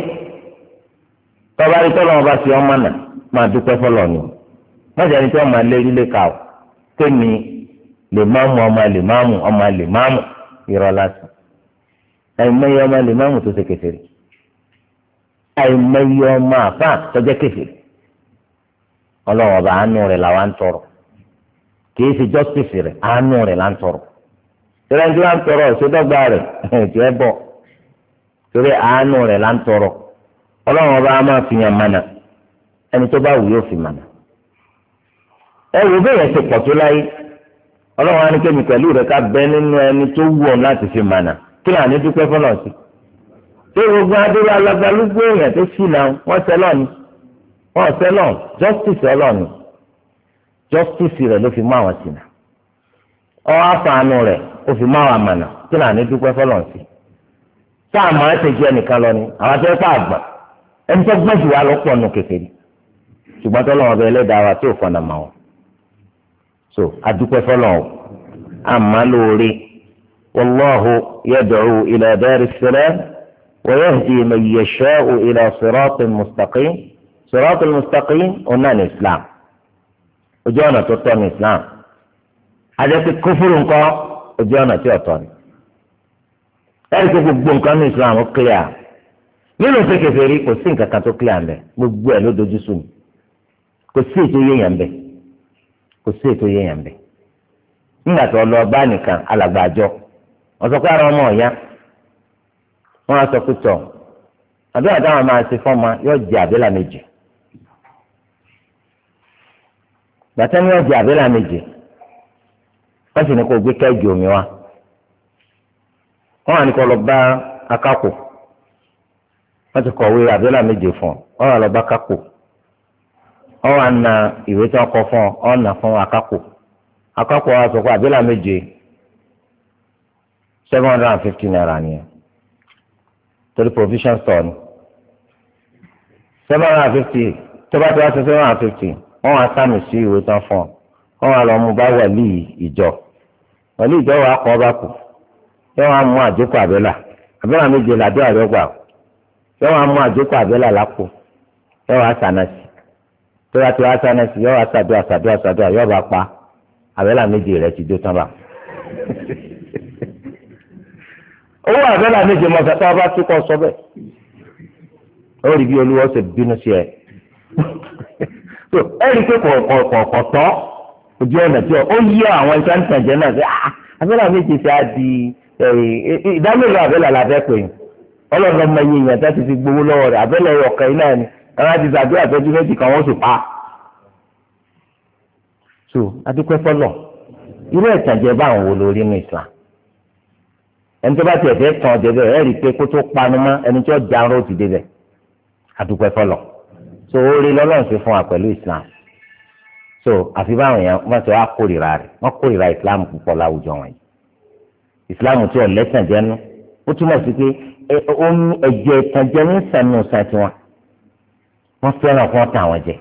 S1: tọ́ba rí tọ́lọ́run bá fi ọmọ nà máa dúpẹ́ fọlọ́ ni mọ̀jà ni tí wọ́n máa lé lílé ka ọ́ tẹ́mi lè máa mú ọmọ lè máa mú ọmọ lè máa mú irọ́ lásán àìmọye ọmọ lè máa mú tó ṣe kẹfẹ́rẹ́ àìmọye ọmọ àfa tọ́jẹ́ kẹfẹ́rẹ́ ọlọ́run ọba àánú rẹ̀ làwọn ń tọrọ kì í ṣe justice rẹ̀ àánú rẹ̀ là ń tọrọ tẹ́lẹ̀ tí wọ́n tọrọ ṣèdọ́gba rẹ̀ tí ẹ bọ̀ torí àánú rẹ̀ là ń tọrọ ọlọ́run ọba máa fi yàn mànà ẹni tó bá wù yóò fi mànà. ẹ wò bẹ́ẹ̀ yẹn ti pọ̀ tó láyé ọlọ́run á ní kémi pẹ̀lú rẹ̀ ká bẹ nínú ẹni tó wù ọ́ láti fi mànà kí là ní dúpẹ́ fọlọ́ sí. ṣé gbogbo adúlọ alágbálúgbó èèyàn tó sì náà wọ́n sẹ́lọ̀ ni wọ́n sẹ́lọ̀ justice ọlọ́run justice rẹ̀ ló fi mú àwọn sí náà ọ ó fi máa wà mànà kí náà ní dúpẹ́ fọlọ́n sí tá a máa ṣe ju ẹnìkan lọ ni àwọn àti ẹ̀fọ́ àgbà ẹni tó gbọ́n jù wá ló pọ̀ nù kékeré ṣùgbọ́n tó lọ́wọ́ bẹ ẹlẹ́dàá wa tí fọnà mà wọn so adúpẹ́ fọlọ́n o àmà lóore wallahu yad'u ila daris salam wa yahdi man yasha'u ila siratin mustaqim siratin mustaqim ọ̀nà ní islam ojú ọ̀nà ojú ọ̀nà tí ọ̀tọ̀ ni ẹ̀rí gbogbo nǹkan ní Islam clear nínú ìfẹ́kẹ̀fẹ́ rí kò sí nǹkan kan clear gbogbo ẹ̀ ló dojú sùn kò sí ètò yéèyàn mbẹ kò sí ètò yéèyàn mbẹ nígbà tó lọ bá nìkan sọ pé ara ọmọ ọ̀yá wọ́n sọ pé tọ̀ àdúrà táwọn máa ṣe fọ́ọ̀mà yóò jẹ àbẹ́là wọ́n sì ní gbé kẹ́ẹ̀gì omi wa wọ́n wà ní kó lọ bá akápò wọ́n ti fún ọ wà lọ bá ọ wà na ìwé tí wọ́n kọ fún ọ ọ nà fún akápò wa sọ pé méje seven hundred and fifty naira torí provision store ni seven hundred and fifty ti seven hundred and fifty wọ́n wà fún ọ wọ́n wà lọ mú bá wà wàlí ìjọba akọ ọba kù yóò wá mú àdínkù àbẹ́là àbẹ́là méje làdó àdọ́gba o yóò wá mú àdínkù àbẹ́là lápò yóò wá sànàsì tó wá ti wá sànàsì yóò wá sàdúrà sàdúrà sàdúrà yóò bá pa àbẹ́là méje rẹ̀ ti dó tán bá. owó àbẹ́là méje mọ̀ fẹ́ẹ́ bá túkọ̀ sọ bẹ́ẹ̀ ó ṣe bínú sí ẹ ẹ rí i pé kọ̀ọ̀kọ̀ọ̀kọ̀ tọ́ ojú ọ̀nà tí ó yí àwọn iṣẹ́ nìkanjẹ́ náà sí ah, abẹ́là méjì ṣe á di ìdámẹ́lò abẹ́là làbẹ́ pè é ọlọ́run ọmọ ẹ̀yìn èèyàn tá ti fi gbowó lọ́wọ́ rẹ̀ abẹ́là ọ̀kan iná ni ẹ̀rọ ti ṣàdúrà tọ́jú méjì kan wọ́n sùn pa. so adúpẹ́ fọlọ̀ irú ìtànjẹ bá àwọn wo lórí ní Islam ẹni tó bá tiẹ̀ fẹ́ tàn ọ̀jẹ̀ bẹ́ẹ̀ rí i pé kó tó panu mọ́ ẹni tó jarun ó ti débẹ̀ adúpẹ́ fọlọ̀ so oore lọ́lọ́run ṣe fún wa pẹ̀lú Islam so àfi báwọn èèyàn wọ́n ti wá kórìíra rẹ̀ wọ́n kórìíra islam púpọ̀ láwùjọ wọn yìí islam tí ò lẹ́sàn jẹ́nu ó túmọ̀ sí pé ẹ̀jẹ̀ ìtànjẹ ní sànù sàn tiwọn wọ́n fẹ́ràn fún ọ̀tá àwọn jẹ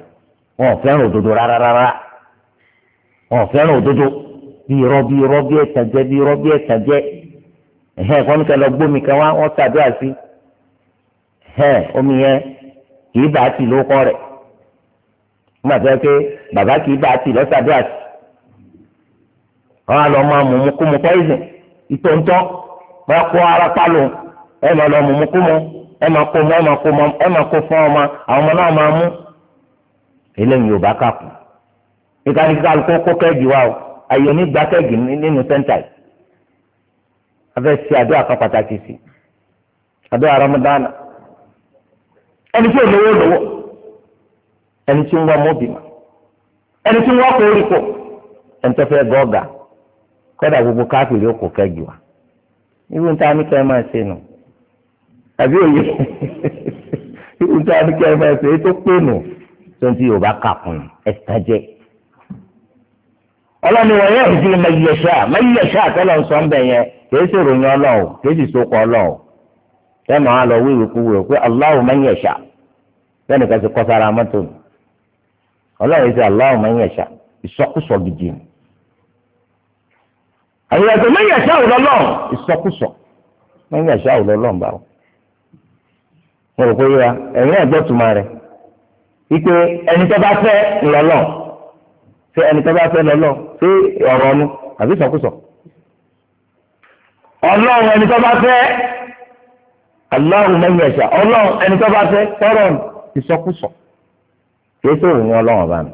S1: wọn ò fẹ́ràn òdodo rárá rárá wọn ò fẹ́ràn òdodo bí irọ́ bí irọ́ bí ẹ̀tànjẹ bí irọ́ bí ẹ̀tànjẹ ẹ̀hẹ́n ìfọ́nìkan lọ gbómi kan wá wọ́n tàbí àti ẹ̀hẹ́n omi yẹn kì í bàá ti lókọ́ rẹ̀ nígbà tó yẹ pé bàbá kì í bá a ti lọ́sàdúrà sí wọn á lọ máa mú mu kú mu pọ́ìsìn ìtòǹtọ́ bá kó ara pálọ̀ ẹ máa lọ mú mu kú mu ẹ máa kó mu ẹ máa kó mu ẹ máa kó fún ọmọ àwọn ọmọ náà máa mú eléyìí ò bá kà kù ìkànnì kálukú kó kẹ́ẹ̀gì wa o àyè onígbà kẹ́ẹ̀gì nínú sẹ́ńtà yìí afẹ́ ṣe àdúrà kan pàtàkì sí àdúrà Ramadan ẹni tí ò lówó lówó. ẹni tí ń wá mọ́bìmọ̀ ẹni tí ń wá kó ẹni tó gbogbo káfíìrì ó kò wa irú níta máa ṣe nù àbí òye irú níta ní máa ṣe tó pé nù tó ń ti Yorùbá kà ẹ̀ka jẹ́ ọlọ́ni sọ ń yẹn kìí sì ròyìn ọlọ́ọ̀ kìí sì tẹ́ lọ wíwèé ọlọ́run ṣe aláwọ̀ máa ń yẹ̀ṣà ìsọkúsọ gidi ni. àwọn ìyàtọ̀ máa ń yẹ̀ṣà òlọ́lọ́ ìsọkúsọ máa ń yẹ̀ṣà òlọ́lọ́ ń bá wọn. mo rò pé yíra ẹ̀yin ẹ̀gbọ́n tuma rẹ̀ wípé ẹni tó bá fẹ́ lọ́lọ́ ṣé ẹni tó bá fẹ́ lọ́lọ́ ṣé ọ̀rọ̀ ọ̀nu àbí ìsọkúsọ. ọlọ́run ẹni tó bá fẹ́ aláwọ̀ máa ń yẹ̀ṣà ọlọ́run ẹni tó bá fẹ́ kìí sọ òun ọlọ́wọ́n bá mi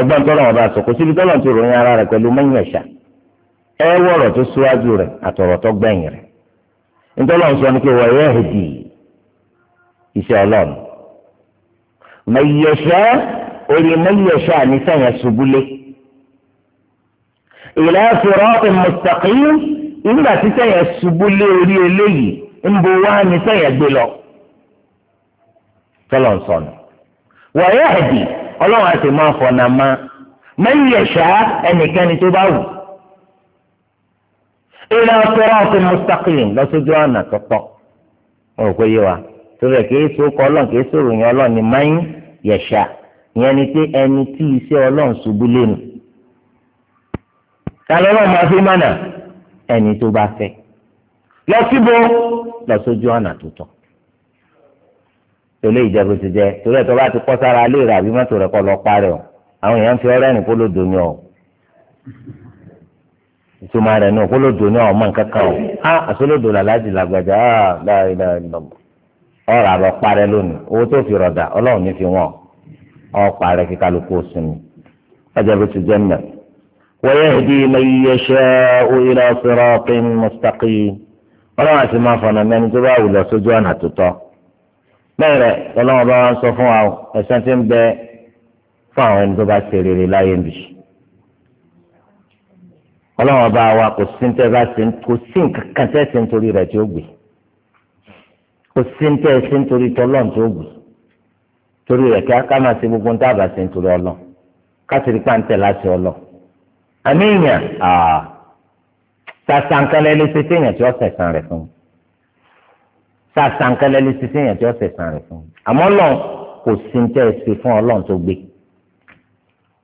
S1: ẹgbọ́n tọ́lọ́wọ́n bá sọ kò síbi tọ́lọ́wọ́n ti ròyìn ara rẹ̀ pẹ̀lú mẹ́yìnẹ̀ṣà ẹ wọ̀rọ̀ tó síwájú rẹ̀ àtọ̀rọ̀ tó gbẹ̀yìn rẹ̀ ntọ́lọ́wọ́n sọ ni pé wọ́n yẹ ẹ̀dì iṣẹ́ ọlọ́run mẹ́yìnẹ̀ṣà orí mẹ́yìnẹ̀ṣà ní sẹ́yìn ṣubúlé ìlà siratin mustaqim nígbà tí sẹ́yìn wọ̀ọ́yẹ́ ẹ̀dì ọlọ́run àti máa fọ̀nà ma mẹ́yìn ẹ̀ṣá ẹnìkẹ́ni tó bá wù. ìlà ọ̀sẹ̀rọ̀ ọ̀sẹ̀ mustaqim lọ́sọ́jú ọ̀nà tọ̀tọ̀ wọn ò pé yé wa torí ẹ̀ kìí so kọ́ ọlọ́run kìí sòrò yẹn ọlọ́run ni mẹ́yìn ẹ̀ṣá ìyẹn ni pé ẹni tí iṣẹ́ ọlọ́run ṣubú lẹ́nu. máa fi ẹni tó bá fẹ́ lọ síbo ọ̀nà tẹlẹ ìjẹbù ti jẹ torí ẹ tó bá ti kọ sára ilé àbí mọ́tò lọ parí o àwọn èèyàn fi ní ọ ìtumọ̀ ní kólódò ni ọmọ nǹkan kan o á àsolódò làlájì làgbàjà á láì láì lọ ọ̀rọ̀ àlọ lónìí owó tó fi Ọlọ́run ní fi ọ kí kálukú bẹ́ẹ̀rẹ̀ lọ́lọ́wọ́ bá wọn sọ fún wa ẹ̀sán tí ń bẹ fún àwọn ẹni tó bá ṣe rere láyé ń bì. ọlọ́wọ́ bá wa kò sí ní tẹ́ bá ṣe kò sí nǹkan kan tẹ́ ṣe nítorí rẹ̀ tí ó gbé kò sí ní tẹ́ ṣe nítorí tọ́lọ́n tí ó torí rẹ̀ kí aká máa ṣe gbogbo níta bá ṣe nítorí ọlọ́ kásìrì pàǹtẹ̀ láti ọlọ́ àmì ìyàn tàṣà ṣe téèyàn tí ó sẹ̀sán sàṣàǹkẹlẹ ló ti sèyàn tí ó sẹsàn rẹ fún àmọ́ Ọlọ́run kò sí ní tẹ ẹ ṣe fún Ọlọ́run tó gbé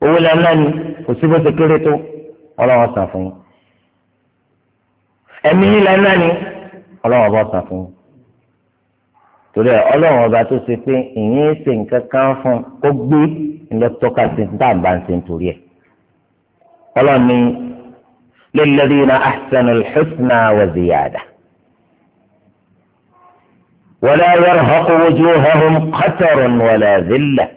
S1: owó lẹ náà ni kò sí bó ṣe kéré tó Ọlọ́run sàn fún yín ẹ̀mí yín lẹ náà ni ọba sàn fún yín torí ẹ Ọlọ́run ọba tó ṣe pé ìyín ṣe nǹkan kan fún kó gbé ńlọ tọ́ka sí dáàbà ń ṣe nítorí ẹ Ọlọ́run ni lil ladina ahsanul ولا يرهق وجوههم قتر ولا ذلة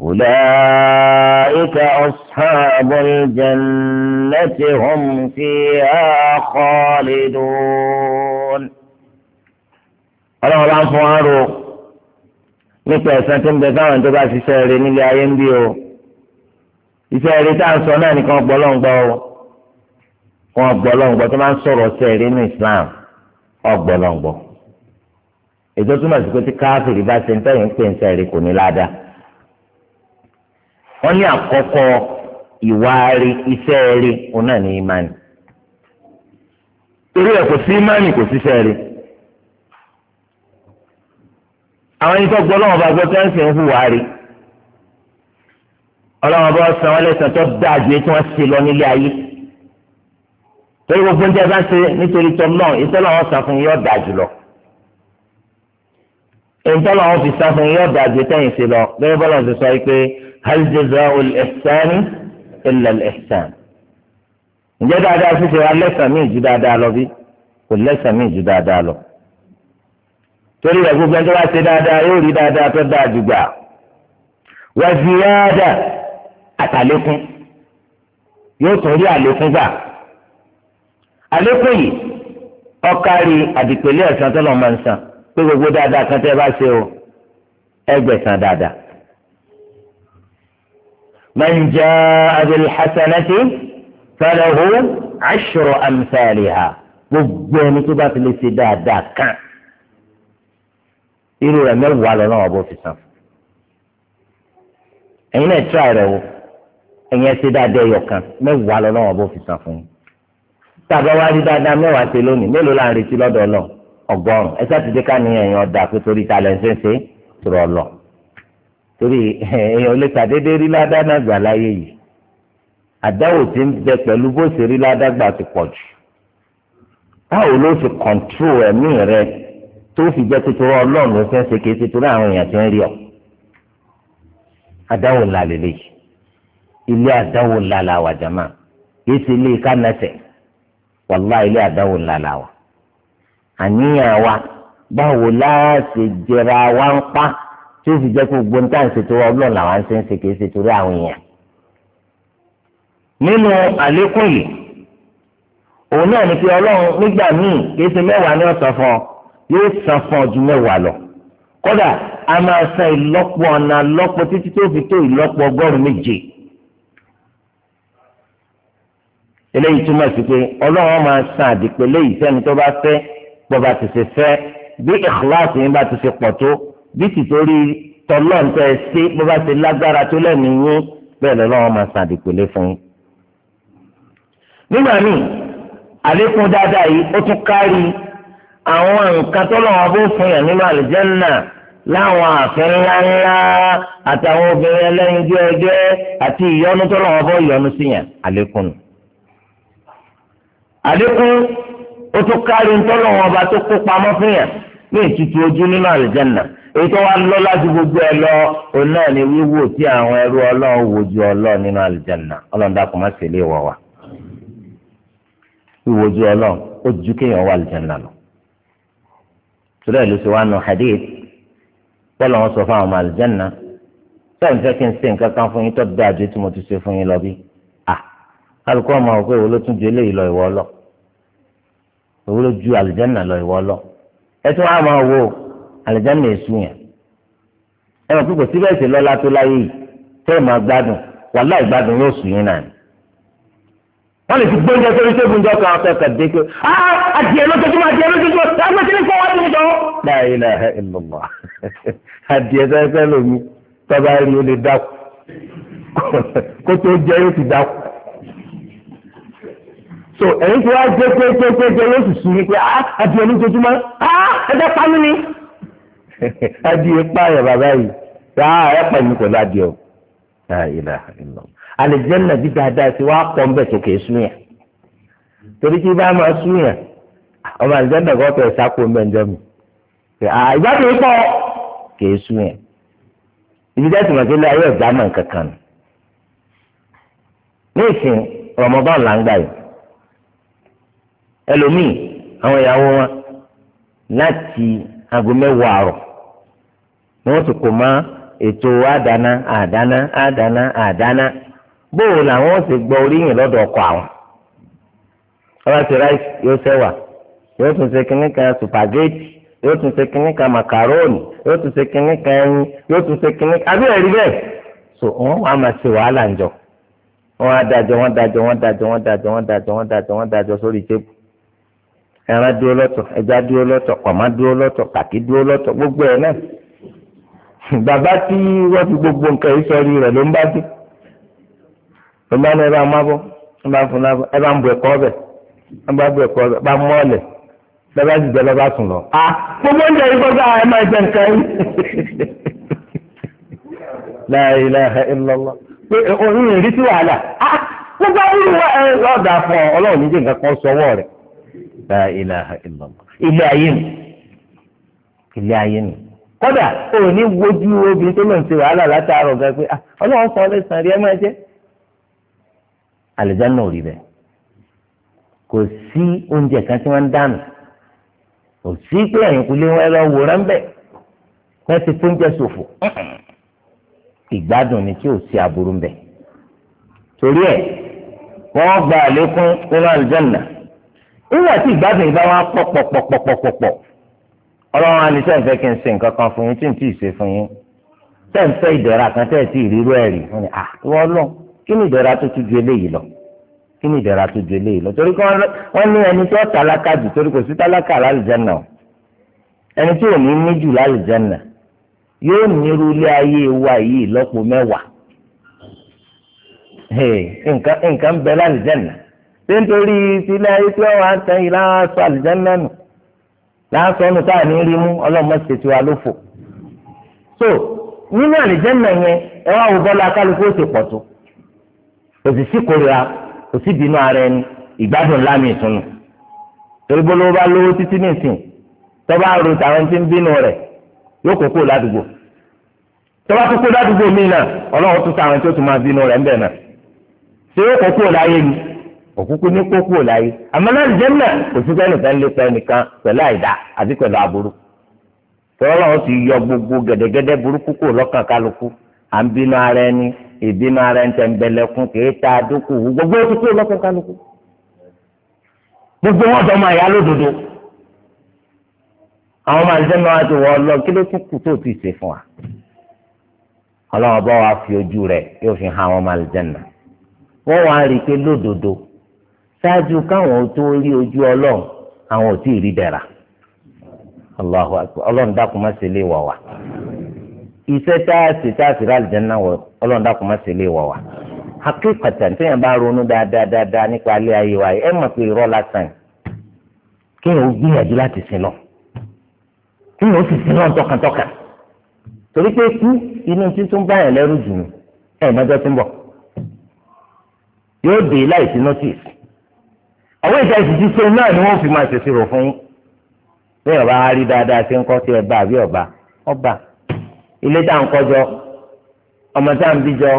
S1: أولئك أصحاب الجنة هم فيها خالدون أنا ولا أنفعروا nípa ẹ̀sán tó ń bẹ fáwọn tó bá ṣiṣẹ́ rere nílé ayé ń bí o iṣẹ́ rere tá à ń sọ náà nìkan gbọ́lọ́ngbọ́ o wọn gbọ́lọ́ngbọ́ tó máa ń sọ̀rọ̀ ṣẹ́ rere ní Islam ọgbọ́lọ́ngbọ́ ètò túmọ̀ sí pé tí káfíìrì bá ṣe ń tẹ̀yìn ń pè ń sẹ́rí kò ní ládàá wọ́n ní àkọ́kọ́ ìwà rí iṣẹ́ rí òun náà ní ìmánì torí ẹ̀ kò sí ìmánì kò síṣẹ́ rí àwọn ẹni tó gbọ́ lọ́wọ́ bá gbọ́ tó ń sìn ń hùwà rí ọlọ́wọ́ bá san wọ́n lẹ́sàn tó dáa ju etí wọ́n ṣe lọ nílé ayé torí gbogbo ń bá ṣe nítorí tọ́lọ́ ìtọ́lọ́wọ́ san fún yóò dáa jùlọ ìtọ́lọ̀ wọn fi sáfún yóò dà ju tẹ́yìn sí lọ bẹ́ẹ̀ bọ́lá ti sọ yìí pé hal jazaa'ul ihsani illa al ihsan. ǹjẹ́ dáadáa ṣíṣe wa lẹ́sàn-án míì ju dáadáa lọ bí kò lẹ́sàn-án míì ju dáadáa lọ. torí rẹ̀ gbogbo ẹni bá ṣe dáadáa yóò rí dáadáa tó dáa jù gbà. wa ziyada àtàlékún yóò tún rí àlékún gbà. àlékún yìí ọkàrí àdìpẹ̀lẹ́ ẹ̀sán tó máa ń san pé gbogbo dáadáa kan tẹ́ bá ṣe o ẹgbẹ̀sán dáadáa. من جاء بالحسنة فله عشر أمثالها gbogbo ẹni tó bá ti lè ṣe dáadáa kan irú rẹ̀ mẹ́wàá lọ náà wà bó fi san ẹ̀yin náà tíra rẹ o ẹ̀yin ẹsẹ dáadáa ẹyọ kan mẹ́wàá lọ náà wà bó fi san fún yín tàbá wá rí dáadáa mẹ́wàá ṣe lónìí mélòó là ń retí lọ́dọ̀ Ọlọ́run ọgọ́rùn ẹ sáà ti dé káni èèyàn ọ̀dà pé torí ta lẹ́ ń ṣe ń ṣe tòrọ̀ lọ torí eh, èèyàn lè ṣàdédé rí ládàá náà gbà láyé yìí àdáwò ti ń bẹ pẹ̀lú bó ṣe rí ládàá gbà ti pọ̀ jù báwo ló fi kọ̀ǹtró ẹ̀mí rẹ tó fi jẹ́ tòrọ̀ ọlọ́run ló fẹ́ ṣe kì í ṣe torí àwọn èèyàn ti ń rí ọ àdáwò ńlá lélẹ́yìí ilé àdáwò ńlá làwà jàmá kì í ṣe ilé kánẹsẹ̀ wàlá ilé àdáwò ńlá làwà àníyàn wa báwo láàṣẹ jẹra wa ń pa tí ó sì jẹ́ kó gbóhùn tá à ń ṣètò ọlọ́run làwọn ń ṣe kì í ṣe torí àwọn èèyàn. nínú àlékún yìí òun náà ní pé ọlọ́run nígbà míì kì ṣe mẹ́wàá ní ọ̀sán fún ọ yóò lọ kódà a máa san ìlọ́pọ̀ ọ̀nà lọ́pọ̀ títí tó fi tó ìlọ́pọ̀ ọgọ́rùn-ún méje. eléyìí túmọ̀ sí pé ọlọ́run máa san àdìpẹ́ léyìí sẹ́ni tó bọ́ba ti ṣe fẹ́ bí ìkíláàsì yín bá ti ṣe pọ̀ tó bí tìtorí tọ́lọ́ǹtẹ̀ ṣe bọ́ba ti lágbára tó lẹ́nu yín bẹ́ẹ̀ lọ́wọ́ máa sàn àdìpẹ̀lẹ́ fún yín. nígbà míì àlékún dáadáa yìí ó tún kárí àwọn nǹkan tọ́lọ́wọ́ bó fún yàn nínú àlùjànnà láwọn àfẹ́ ńláńlá àtàwọn obìnrin ẹlẹ́yin jẹ́ àti ìyọnu tọ́lọ́wọ́ bó yọnu sí yàn àlékún. àlékún o tó kárí ntọ́lọ́ wọn ọba tó kó pamọ́ fún yàn ní ìtutù ojú nínú àlùjánnà èyí tó wá lọ láti gbogbo ẹ lọ òun náà ni wíwò tí àwọn ẹrú ọlọ́run wò ju ọlọ́run nínú àlùjánnà ọlọ́run dákun má ṣẹlẹ̀ wọ̀ wá wíwò ju ọlọ́run ó ju kéèyàn wà àlùjánnà lọ. sùdọ́ ìlú sọ wá nù hadith bọ́lá wọn sọ fún àwọn ọmọ àlùjánnà sẹ́yìn fẹ́ kí n ṣe nǹkan kan fún yín tó dáa ju tí mo ti ṣe fún yín lọ bí. alukó ọmọ òkú èwo ló òun ló ju àlùjánnà lọ ìwọ lọ ẹ tún wá máa wo àlùjánnà èṣù yẹn ẹ mọ̀ pé kò síbẹ̀ ṣe lọ́lá tó láyé yìí tẹ́ ẹ̀ máa gbádùn wàhálà ìgbádùn yóò sùn yín náà ni. wọ́n lè fi gbóúnjẹ sórí tébùn jọ kan ọ̀sẹ̀ kàdé pé adìẹ lójoojúmọ́ adìẹ lójoojúmọ́ táwọn ti ní fọwọ́ sí mi jọ. láyé náà ẹ ẹ lọ mọ adìẹ sẹ́sẹ́ lomi tọ́ba rí o lè dákú kó tó jẹ́ yóò ti dákú so ẹ̀yin ti wá gbé gbégbégbé yóò sì sùn ní pé á ah, adìẹ lójoojúmọ́ á ah, ẹgbẹ́ pánú ni. adìẹ pààyàn bàbá yìí yàrá ah, ẹ pààyàn pẹ̀lú adìẹ o. alìjẹ́nà bí dáadáa ti wá pọ̀ ń bẹ̀ tó kè é sún yà torí kí bá máa sún yà ọmọ alìjẹ́nà kọ́ fẹ́ sáko ń bẹ̀ ń jẹ́mu. ìgbà tó pọ̀ kè é yà ibi dẹ́sí màtí lé ayé ọ̀gá mọ̀ kankan ní ìsìn Ramadan là ń gbà yìí ẹlòmíì àwọn ìyàwó wọn láti aago mẹ́wàá àrọ̀ ni wọ́n ti kò mọ́ ètò àdáná àdáná àdáná àdáná bóòlù làwọn sì gbọ́ oríyìn lọ́dọ̀ ọkọ àwọn ọba ti ráìsì yóò sẹ́wà yóò tún ṣe kínní kan supageti yóò tún ṣe kínní kan macaroni yóò tún ṣe kínní kan ẹyin yóò tún ṣe kínní kan àbí bẹ́ẹ̀ so wọ́n wàá máa ṣe wàhálà ńjọ wọ́n á dájọ́ wọ́n dájọ́ wọ́n dájọ́ wọ́n dájọ́ wọ́n dájọ́ wọ́n sórí tébù ẹran dúró lọ́tọ̀ ẹja dúró lọ́tọ̀ pàmò dúró lọ́tọ̀ kàkí dúró lọ́tọ̀ gbogbo náà bàbá tí fi gbogbo nǹkan yìí sọrí ló ń bá dé ló ń bá ní ẹ bá ẹ fún lábọ́ ń bá bàbá sùn lọ. a gbogbo oúnjẹ yìí kọ́ sáà ẹ máa jẹ nǹkan yìí. pé òun a gbogbo la ilaha illallah ilé ayé nù ilé ayé nù kódà ò ní wojú obìnrin tó lọ́n ṣe wàhálà látàárọ̀ gá pé ah, ọlọ́run sọ ọlẹ́sàn rí ẹ máa jẹ́ àlùjáná ò rí bẹ́ẹ̀ kò sí oúnjẹ kan tí wọ́n ń dànù kò sí pé ẹ̀yìn kò lé wọn lọ wòran bẹ́ẹ̀ wọ́n ti fún oúnjẹ ṣòfò ìgbádùn ni tí ò sí aburú bẹ́ẹ̀ torí ẹ̀ wọ́n gba àlékún nínú àlùjáná nígbà tí ìgbádùn yìí bá wá pọ̀ pọ̀ pọ̀ pọ̀ pọ̀ pọ̀ pọ̀ ọlọ́run á ní sẹ́yìn fẹ́ kí n ṣe nǹkan kan fún yín tí n tí ì ṣe fún yín sẹ́yìn fẹ́ ìdẹ̀ra kan tẹ́ ẹ̀ tí ì rírú ẹ̀ rí wọ́n ní ah ìwọ lọ kí ni ìdẹ̀ra tó tún ju eléyìí lọ kí ni ìdẹ̀ra tó ju eléyìí lọ torí wọ́n ní ẹni tó tálákà jù torí kò sí tálákà lálùjáná o ẹni tí ò ní ní jù lálùjáná yóò nírú ilé ayé wa yìí lọ́pọ̀ mẹ́wàá nǹkan bẹ lálùjáná ṣé nítorí tilẹ̀ ayé tí wọ́n wá ń tẹ̀yìn láàásọ àlìjáná nù láàásọ tá táà ní rí mú ọlọ́mọ ṣètò wa ló fò. so nínú àlìjáná yẹn ẹ wá wò bọ́lá kálukú ó ti pọ̀ tó kò sì sí kórìíra kò sí bínú ara ẹni ìgbádùn ńlá mi ìtùnú torí bó lówó bá lówó títí nìsín tó bá ro tàwọn tí ń bínú rẹ̀ yóò kókó ládùúgbò tó bá kókó ládùúgbò míì náà ọlọ́run tún sáwọn tí ó tún máa bínú rẹ̀ ńbẹ̀ náà ṣé yóò kókó láyé ni òkúkú ní kókó láyé àmọ́ náà jẹ́nà kò sí sẹ́nìkan lépa ẹnìkan pẹ̀lú àìdá àti pẹ̀lú aburú tọ́lá wọn ti yọ gbogbo gẹ̀dẹ́gẹ́dẹ́ burúkú kò lọ́kàn kálukú à ń bínú ara ẹni ìbínú ara ẹni tẹ̀m̀bẹ̀lẹ̀kún kìí ta àdókù gbogbo ó ti kó lọ́kàn kálukú gbogbo wọn dọ́mọ àyà lódodo àwọn máa ń sẹ́nu àti wọ́n lọ kí ló tún tó ti ṣe fún wa ọlọ́wọ́n bá wa fi ojú rẹ̀ yóò fi hàn àwọn máa ń wọ́n wá rí i pé lódodo ṣáájú káwọn tó ojú ọlọ́run àwọn ò tí ì rí dẹ̀ra Allahu dákun má lè wà wá iṣẹ́ tá a sì tá a dákun má wà wá akíkàtà téèyàn bá ronú dáadáa dáadáa nípa alẹ́ ayé wa ẹ mọ̀ pé irọ́ lásán kéèyàn ó gbìyànjú láti sin lọ kéèyàn ó sì sin lọ tọkàntọkàn torí pé kú inú títún àwọn ìjà isi ṣe náà ni wọ́n fi máa ṣèṣirò fún yín bí ọba á dáadáa ṣe ń kọ́ sí ọba ọba ilé tá à ń ọmọ tá à ń bíjọ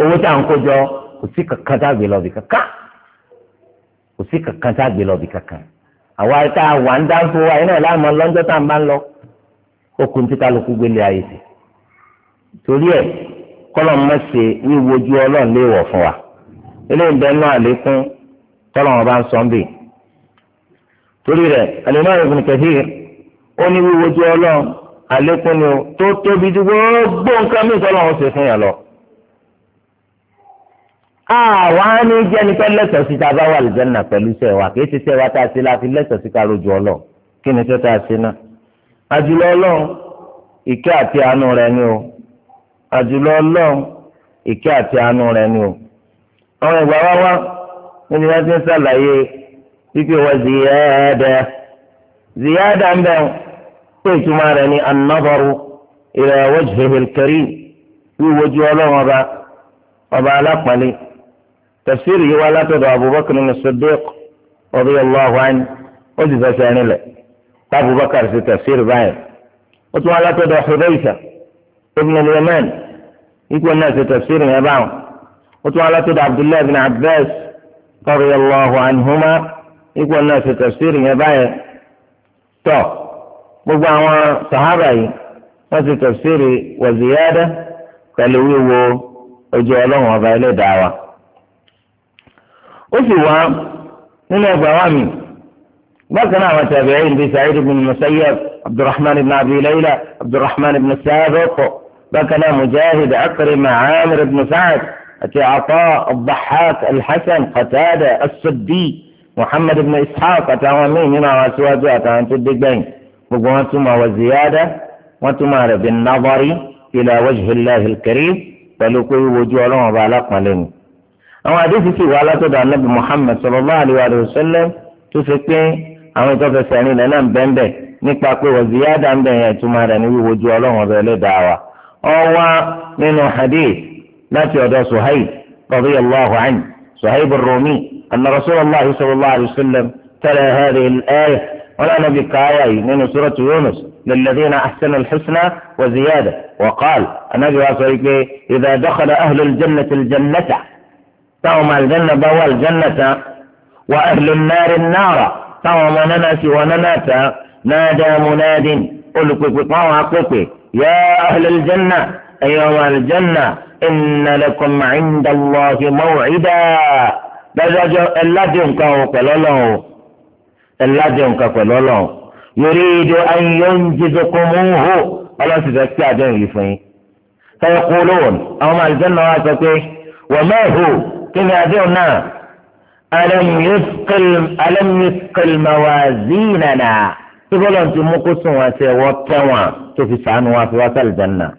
S1: owó tá à ń kò sí kankan tá a gbé kankan kò sí kankan tá a gbé lọ́bì kankan àwa tá a wà ń dáńfó wa iná ìlànà torí ẹ ṣe tọ́lọ́wọ́n bá ń sọ ń bì. torí rẹ̀ Al-Imam Ibn Kathir ó ní wíwo ju ọlọ́run àlékún ni o tó tóbi ju gbogbo nǹkan mi tọ́lọ́wọ́n ṣe fún yàn lọ. àwa ní jẹ́nitọ́ lẹ́tọ̀ọ́ sí ta bá wà lìjẹ́nà pẹ̀lú iṣẹ́ wa kì í ti tẹ́ wa tá a ṣe láti lẹ́tọ̀ọ́ sí ká rojú ọlọ́run kí ni tẹ́ tá a ṣe náà. àjùlọ ọlọ́run ìkẹ́ àti àánú rẹ̀ ni o àjùlọ ọlọ́run ìkẹ́ àti àánú rẹ̀ ni o. àwọn ìgbà wá wá ẹni wọ́n ti ń sàlàyé wípé wọ́n ziyada ziyada ń bẹ̀ pé ìtumọ̀ rẹ̀ ni an-nazaru ila wajhihi al-karim wíwojú ọlọ́run ọba ọba alápàlẹ́ tafsiri yìí wá látọ̀dọ̀ abubakar ní sadiq radiyallahu anhu ó sì fẹsẹ̀ ẹni lẹ̀ tá abubakar sì tafsiri báyìí ó tún wá látọ̀dọ̀ hudayfa ibn al-yaman ikú náà sì tafsiri yẹn báwọn ó tún wá látọ̀dọ̀ abdullahi ibn abbas. رضي الله عنهما يقول الناس التفسير يا باي تو بقى هو صحابي ناس التفسير وزيادة قالوا هو أجوالهم وضعي له دعوة وفي من الظوامي ما كان متابعين بسعيد بن المسيب عبد الرحمن بن أبي ليلى عبد الرحمن بن السابق ما كان مجاهد أكرم عامر بن سعد àti àpá ọ̀bàhák alḥasan qatada as-sabbi muhammad ibn ishaq àtàwọn míì nínú àwọn aṣíwájú àtàwọn tó dé gbẹ̀yìn gbogbo wọn túmọ̀ wọ ziyada wọn túmọ̀ rẹ̀ bin nadari ila wajhillahi al-karim pẹ̀lú pé wíwojú ọlọ́run ọba alápọ̀nlé ni. àwọn àdéhùn sì wà látọ̀dọ̀ anábì muhammad sallallahu alayhi wa sallam tó fi pé àwọn ìtọ́fẹsẹ̀ rìn lẹ́nà bẹ́ńbẹ́ nípa pé wọ ziyada ń bẹ̀yẹn ìtumọ̀ rẹ̀ ní wíwojú ọlọ́run ọba ẹlẹ́dàá wa. ó wà nínú hadith ناتي ودا صهيب رضي الله عنه صهيب الرومي أن رسول الله صلى الله عليه وسلم تلا هذه الآية ولا نبي كاية من سورة يونس للذين أحسن الحسنى وزيادة وقال النبي صلى إذا دخل أهل الجنة الجنة تعم الجنة بوى الجنة وأهل النار النار تعم ننس وننات نادى مناد قل ألقك يا أهل الجنة أيها الجنة inna lakum 'inda Allahi maw'ida dájọ́jọ́ ẹ̀ládé nǹkan ò pẹ̀lú ọlọ́run ẹ̀ládé nǹkan pẹ̀lú ọlọ́run yuridu an yunjizakumuhu ọlọ́run ti fẹ́ pé àdéhùn yìí fún yín. sayaqulun àwọn àlùjànnà wa sọ pé wa ma hu kí ni àdéhùn náà alam yuthqil alam yuthqil tí bọ́lá ti mú kó sùn wá sí ẹ̀wọ́ tẹ́wọ̀n tó fi sànù wá fi wá sàlùjànnà náà.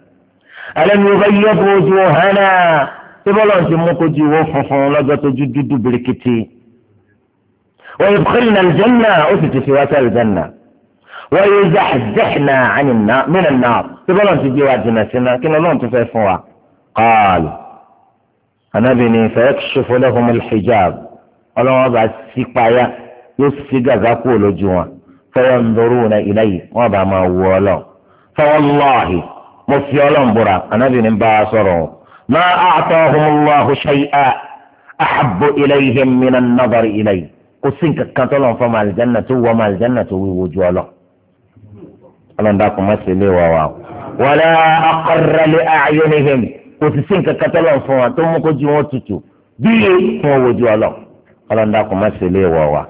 S1: ألم يبيض وجوهنا تبلون تموكجي وففون لغة جدد بركتي ويدخلنا الجنة أسس في الجنة ويزحزحنا عن النار من النار تبلون تجي واجنا سنة كنا لون تفيفوا قال أنا بني فيكشف لهم الحجاب ولو وضع السقاية يسجد قول جوا فينظرون إليه وضع ما هو له فوالله mo fi ọlọ́run búra anábì ní bá a sọ̀rọ̀ o ma a'tahumullahu shay'an ahabbu ilayhim minan nadari ilayhi kò sí nǹkan kan tó lọ́n fọ́ ma alìjánná tó wọ́ ma alìjánná tó wíwo ju ọlọ ọlọ́run dàkú má ṣe lé wa wa o wala aqarra li a'yunihim kò sí nǹkan kan tó lọ́n fọ́ wa tó mú kó ju wọn tutù bí fún owó ju ọlọ ọlọ́run dàkú má ṣe lé wa wa.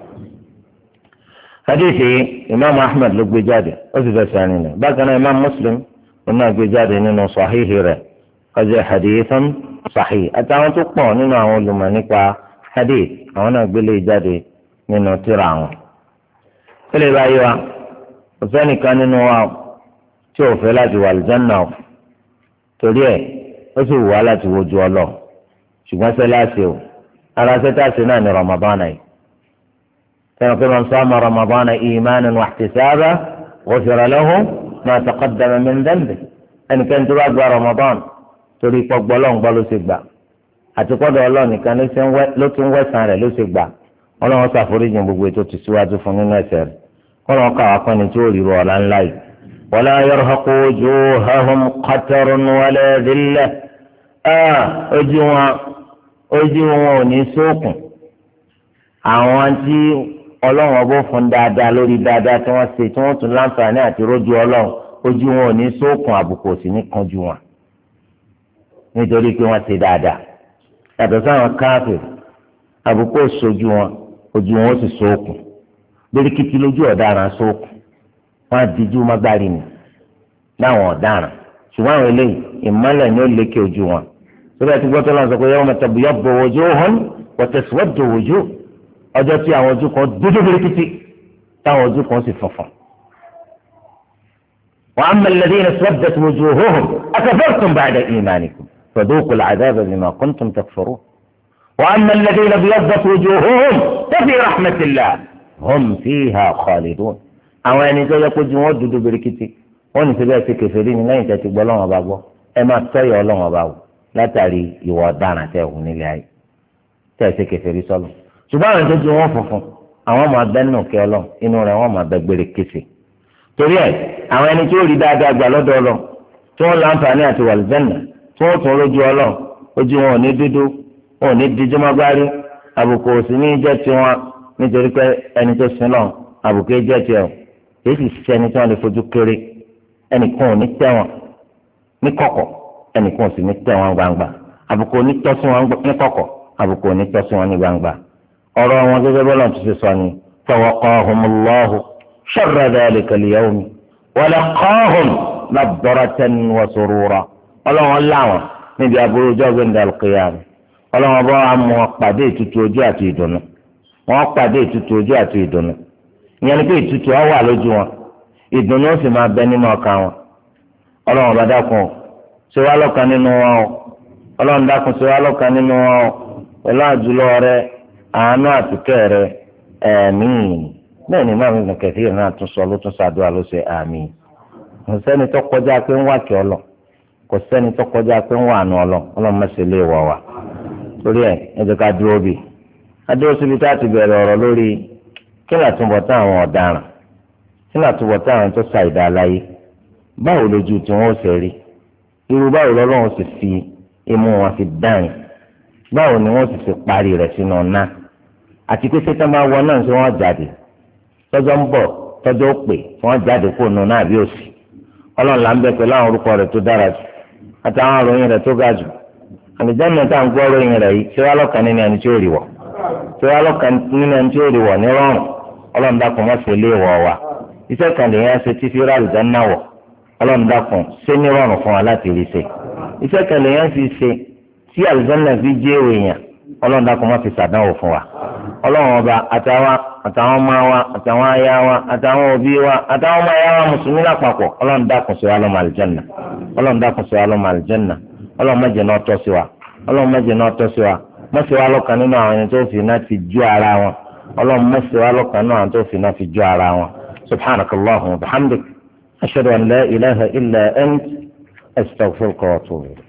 S1: hadithi imaamu ahmed ló gbé jáde ó sì fẹsẹ̀ rìn lẹ̀ bákan náà imaamu muslim wọn náà gbé jáde nínú sàhíhì rẹ̀ ọjọ́ hadithan sàhíhì àtàwọn tó pọ̀ nínú àwọn olùmọ̀ nípa hadith àwọn náà gbélé jáde nínú tírà wọn. ó lè báyìí wa òfẹ́ nìkan nínú wa tí ò fẹ́ láti wà lùjánà o torí ẹ̀ ó sì wù wá láti wojú ọ lọ ṣùgbọ́n sẹ́láàsì o ara sẹ́tàsì náà ní Ramadan yìí sẹ́wọ̀n pé man sama Ramadan imanan wa ihtisaban ghufira lahu. ما تقدم من ذنبه ẹnì kan tó bá gba Ramadan torí pọ gbọlọ́ngbọ́ ló ṣe gbà àtikọ́dọ̀ Ọlọ́run nìkan ló tún wẹ̀sán rẹ̀ ló ṣe gbà Ọlọ́run ṣàforíjì gbogbo ètò ti síwájú fún nínú ẹ̀ṣẹ̀ rẹ̀ kọ́lọ́n ká wá pẹ́ni tí ó rí ọ̀la ńlá yìí. wala yarhaqu wujuhahum qatarun wala dhillah ojú wọn ojú wọn ò ní sókun àwọn tí ọlọ́run ọbọ̀ fún dáadáa lórí dáadáa tí wọ́n ṣe tí wọ́n tún láǹfààní àti rójú ọlọ́run ojú wọn ò ní sókun àbùkù òsì ní kanjú wọn nítorí pé wọ́n ṣe dáadáa yàtọ̀ sáwọn káfíìn àbùkù òṣojú wọn ojú wọn ó sì sókun bíríkìtì lójú ọ̀daràn sókun wọn àdíjú mágbárí ni láwọn ọ̀daràn ṣùgbọ́n àwọn eléyìí ìmọ́lẹ̀ ni ó lékè ojú wọn sórí àti gbọ́tọ́ lọ́nà ọjọ́ tí àwọn ojú kan dúdú birikiti táwọn ojú kan sì fọ̀fọ̀. wọ́n á mẹ́lẹ̀ lẹ́yìn sọ́dọ̀ tó ojú òhóhùn akẹ́fẹ́rẹ́tùn bá dẹ̀ ìmánìkùn fọ̀dọ́kù làdáàbẹ̀ bímọ kúntùm tẹ̀fọ̀rọ̀. wọ́n á mẹ́lẹ̀ lẹ́yìn bíyọ́dọ̀ tó ojú òhóhùn tẹ́fì rahmatillah hum fiha khalidun. àwọn ẹni tó yẹ kójú wọn dúdú birikiti wọn ní ṣùgbọ́n àwọn ìtọ́jú wọn funfun àwọn máa bẹ nínú kí ọlọ inú rẹ wọn máa bẹ gbére kése torí ẹ àwọn ẹni tí ó rí dáadáa gbà lọ́dọ̀ ọlọ tí wọ́n láǹfààní àti wàlìjẹ́nà tí wọ́n tún lójú ọlọ ojú wọn ò ní dúdú wọn ò ní díjú mọ́gbárí àbùkù òsì ní jẹ́ tiwọn nítorí pé ẹni tó sin lọ àbùkù ẹ jẹ́ tiẹ̀ kì í sì ṣe ẹni tí wọ́n lè fojú kéré ẹnìkan ò ní tẹ́ wọn ní kọ̀kọ̀ ẹnìkan ò sì ní tẹ́ wọn gbangba ọrọ wọn gẹ́gẹ́ bọ́lá ti ṣe sọ ni fawaqahumullahu sharra dhalika al-yawmi níbi aburú pàdé ojú àti ìdùnnú wọn pàdé ojú àti ìdùnnú ìyẹn ni pé wà lójú wọn ìdùnnú sì máa bẹ nínú wọn bá dákun nínú wọn dákun àánú àtúkẹ́ rẹ àmín bẹ́ẹ̀ ni máa mi nà kẹ̀sí náà tún sọ ló tún ṣàdúrà ló ṣe àmín kò sẹ́ni tó kọjá pé ń wà kí ọ lọ kò sẹ́ni tó kọjá pé ń wà ọlọ́run wà wá torí ẹ ẹ ká dúró bì adúró síbi ti bẹ̀rẹ̀ ọ̀rọ̀ lórí kí là túnbọ̀ tá àwọn ọ̀daràn kí là túnbọ̀ tá àwọn tó sa ìdá aláyé báwo lójú tí wọ́n ṣe rí irú báwo lọ́lọ́run sì fi àti pé sẹ́tàn máa wọ náà ṣé wọ́n jáde tọ́jọ́ ń bọ̀ tọ́jọ́ pè wọ́n jáde kó nu náà bí òsì ọlọ́run là ń bẹ pẹ̀lú àwọn orúkọ rẹ̀ tó dára jù àti àwọn àròyìn rẹ̀ tó ga jù àlùjáde tá à ń gbọ́ àròyìn rẹ̀ yìí ṣé wàá lọ́kàn nínú ẹni tí ó rí wọ̀ ṣé wàá lọ́kàn nínú ẹni tí ó rí wọ̀ ní rọrùn ọlọ́run dákun wọ́n ṣe lé wọ̀ wá iṣẹ́ kan lè yẹn ṣe tí fi ráàlùjá náà wọ̀ ọlọ́run dákun ṣé ní rọrùn fún wa. ọlọ́run ọba àtàwa àtàwọn ọmọ wa àtàwọn aya wa àtàwọn òbí wa àtàwọn ọmọ aya wa mùsùlùmí lápapọ̀ ọlọ́run dákun sí wa lọ́mọ àlìjẹ́nà ọlọ́run dákun sí wa lọ́mọ àlìjẹ́nà ọlọ́run náà tọ́ sí wa ọlọ́run náà tọ́ sí wa wa lọ́kàn nínú àwọn tó fi iná fi ju ara wọn ọlọ́run wa lọ́kàn nínú àwọn tó fi iná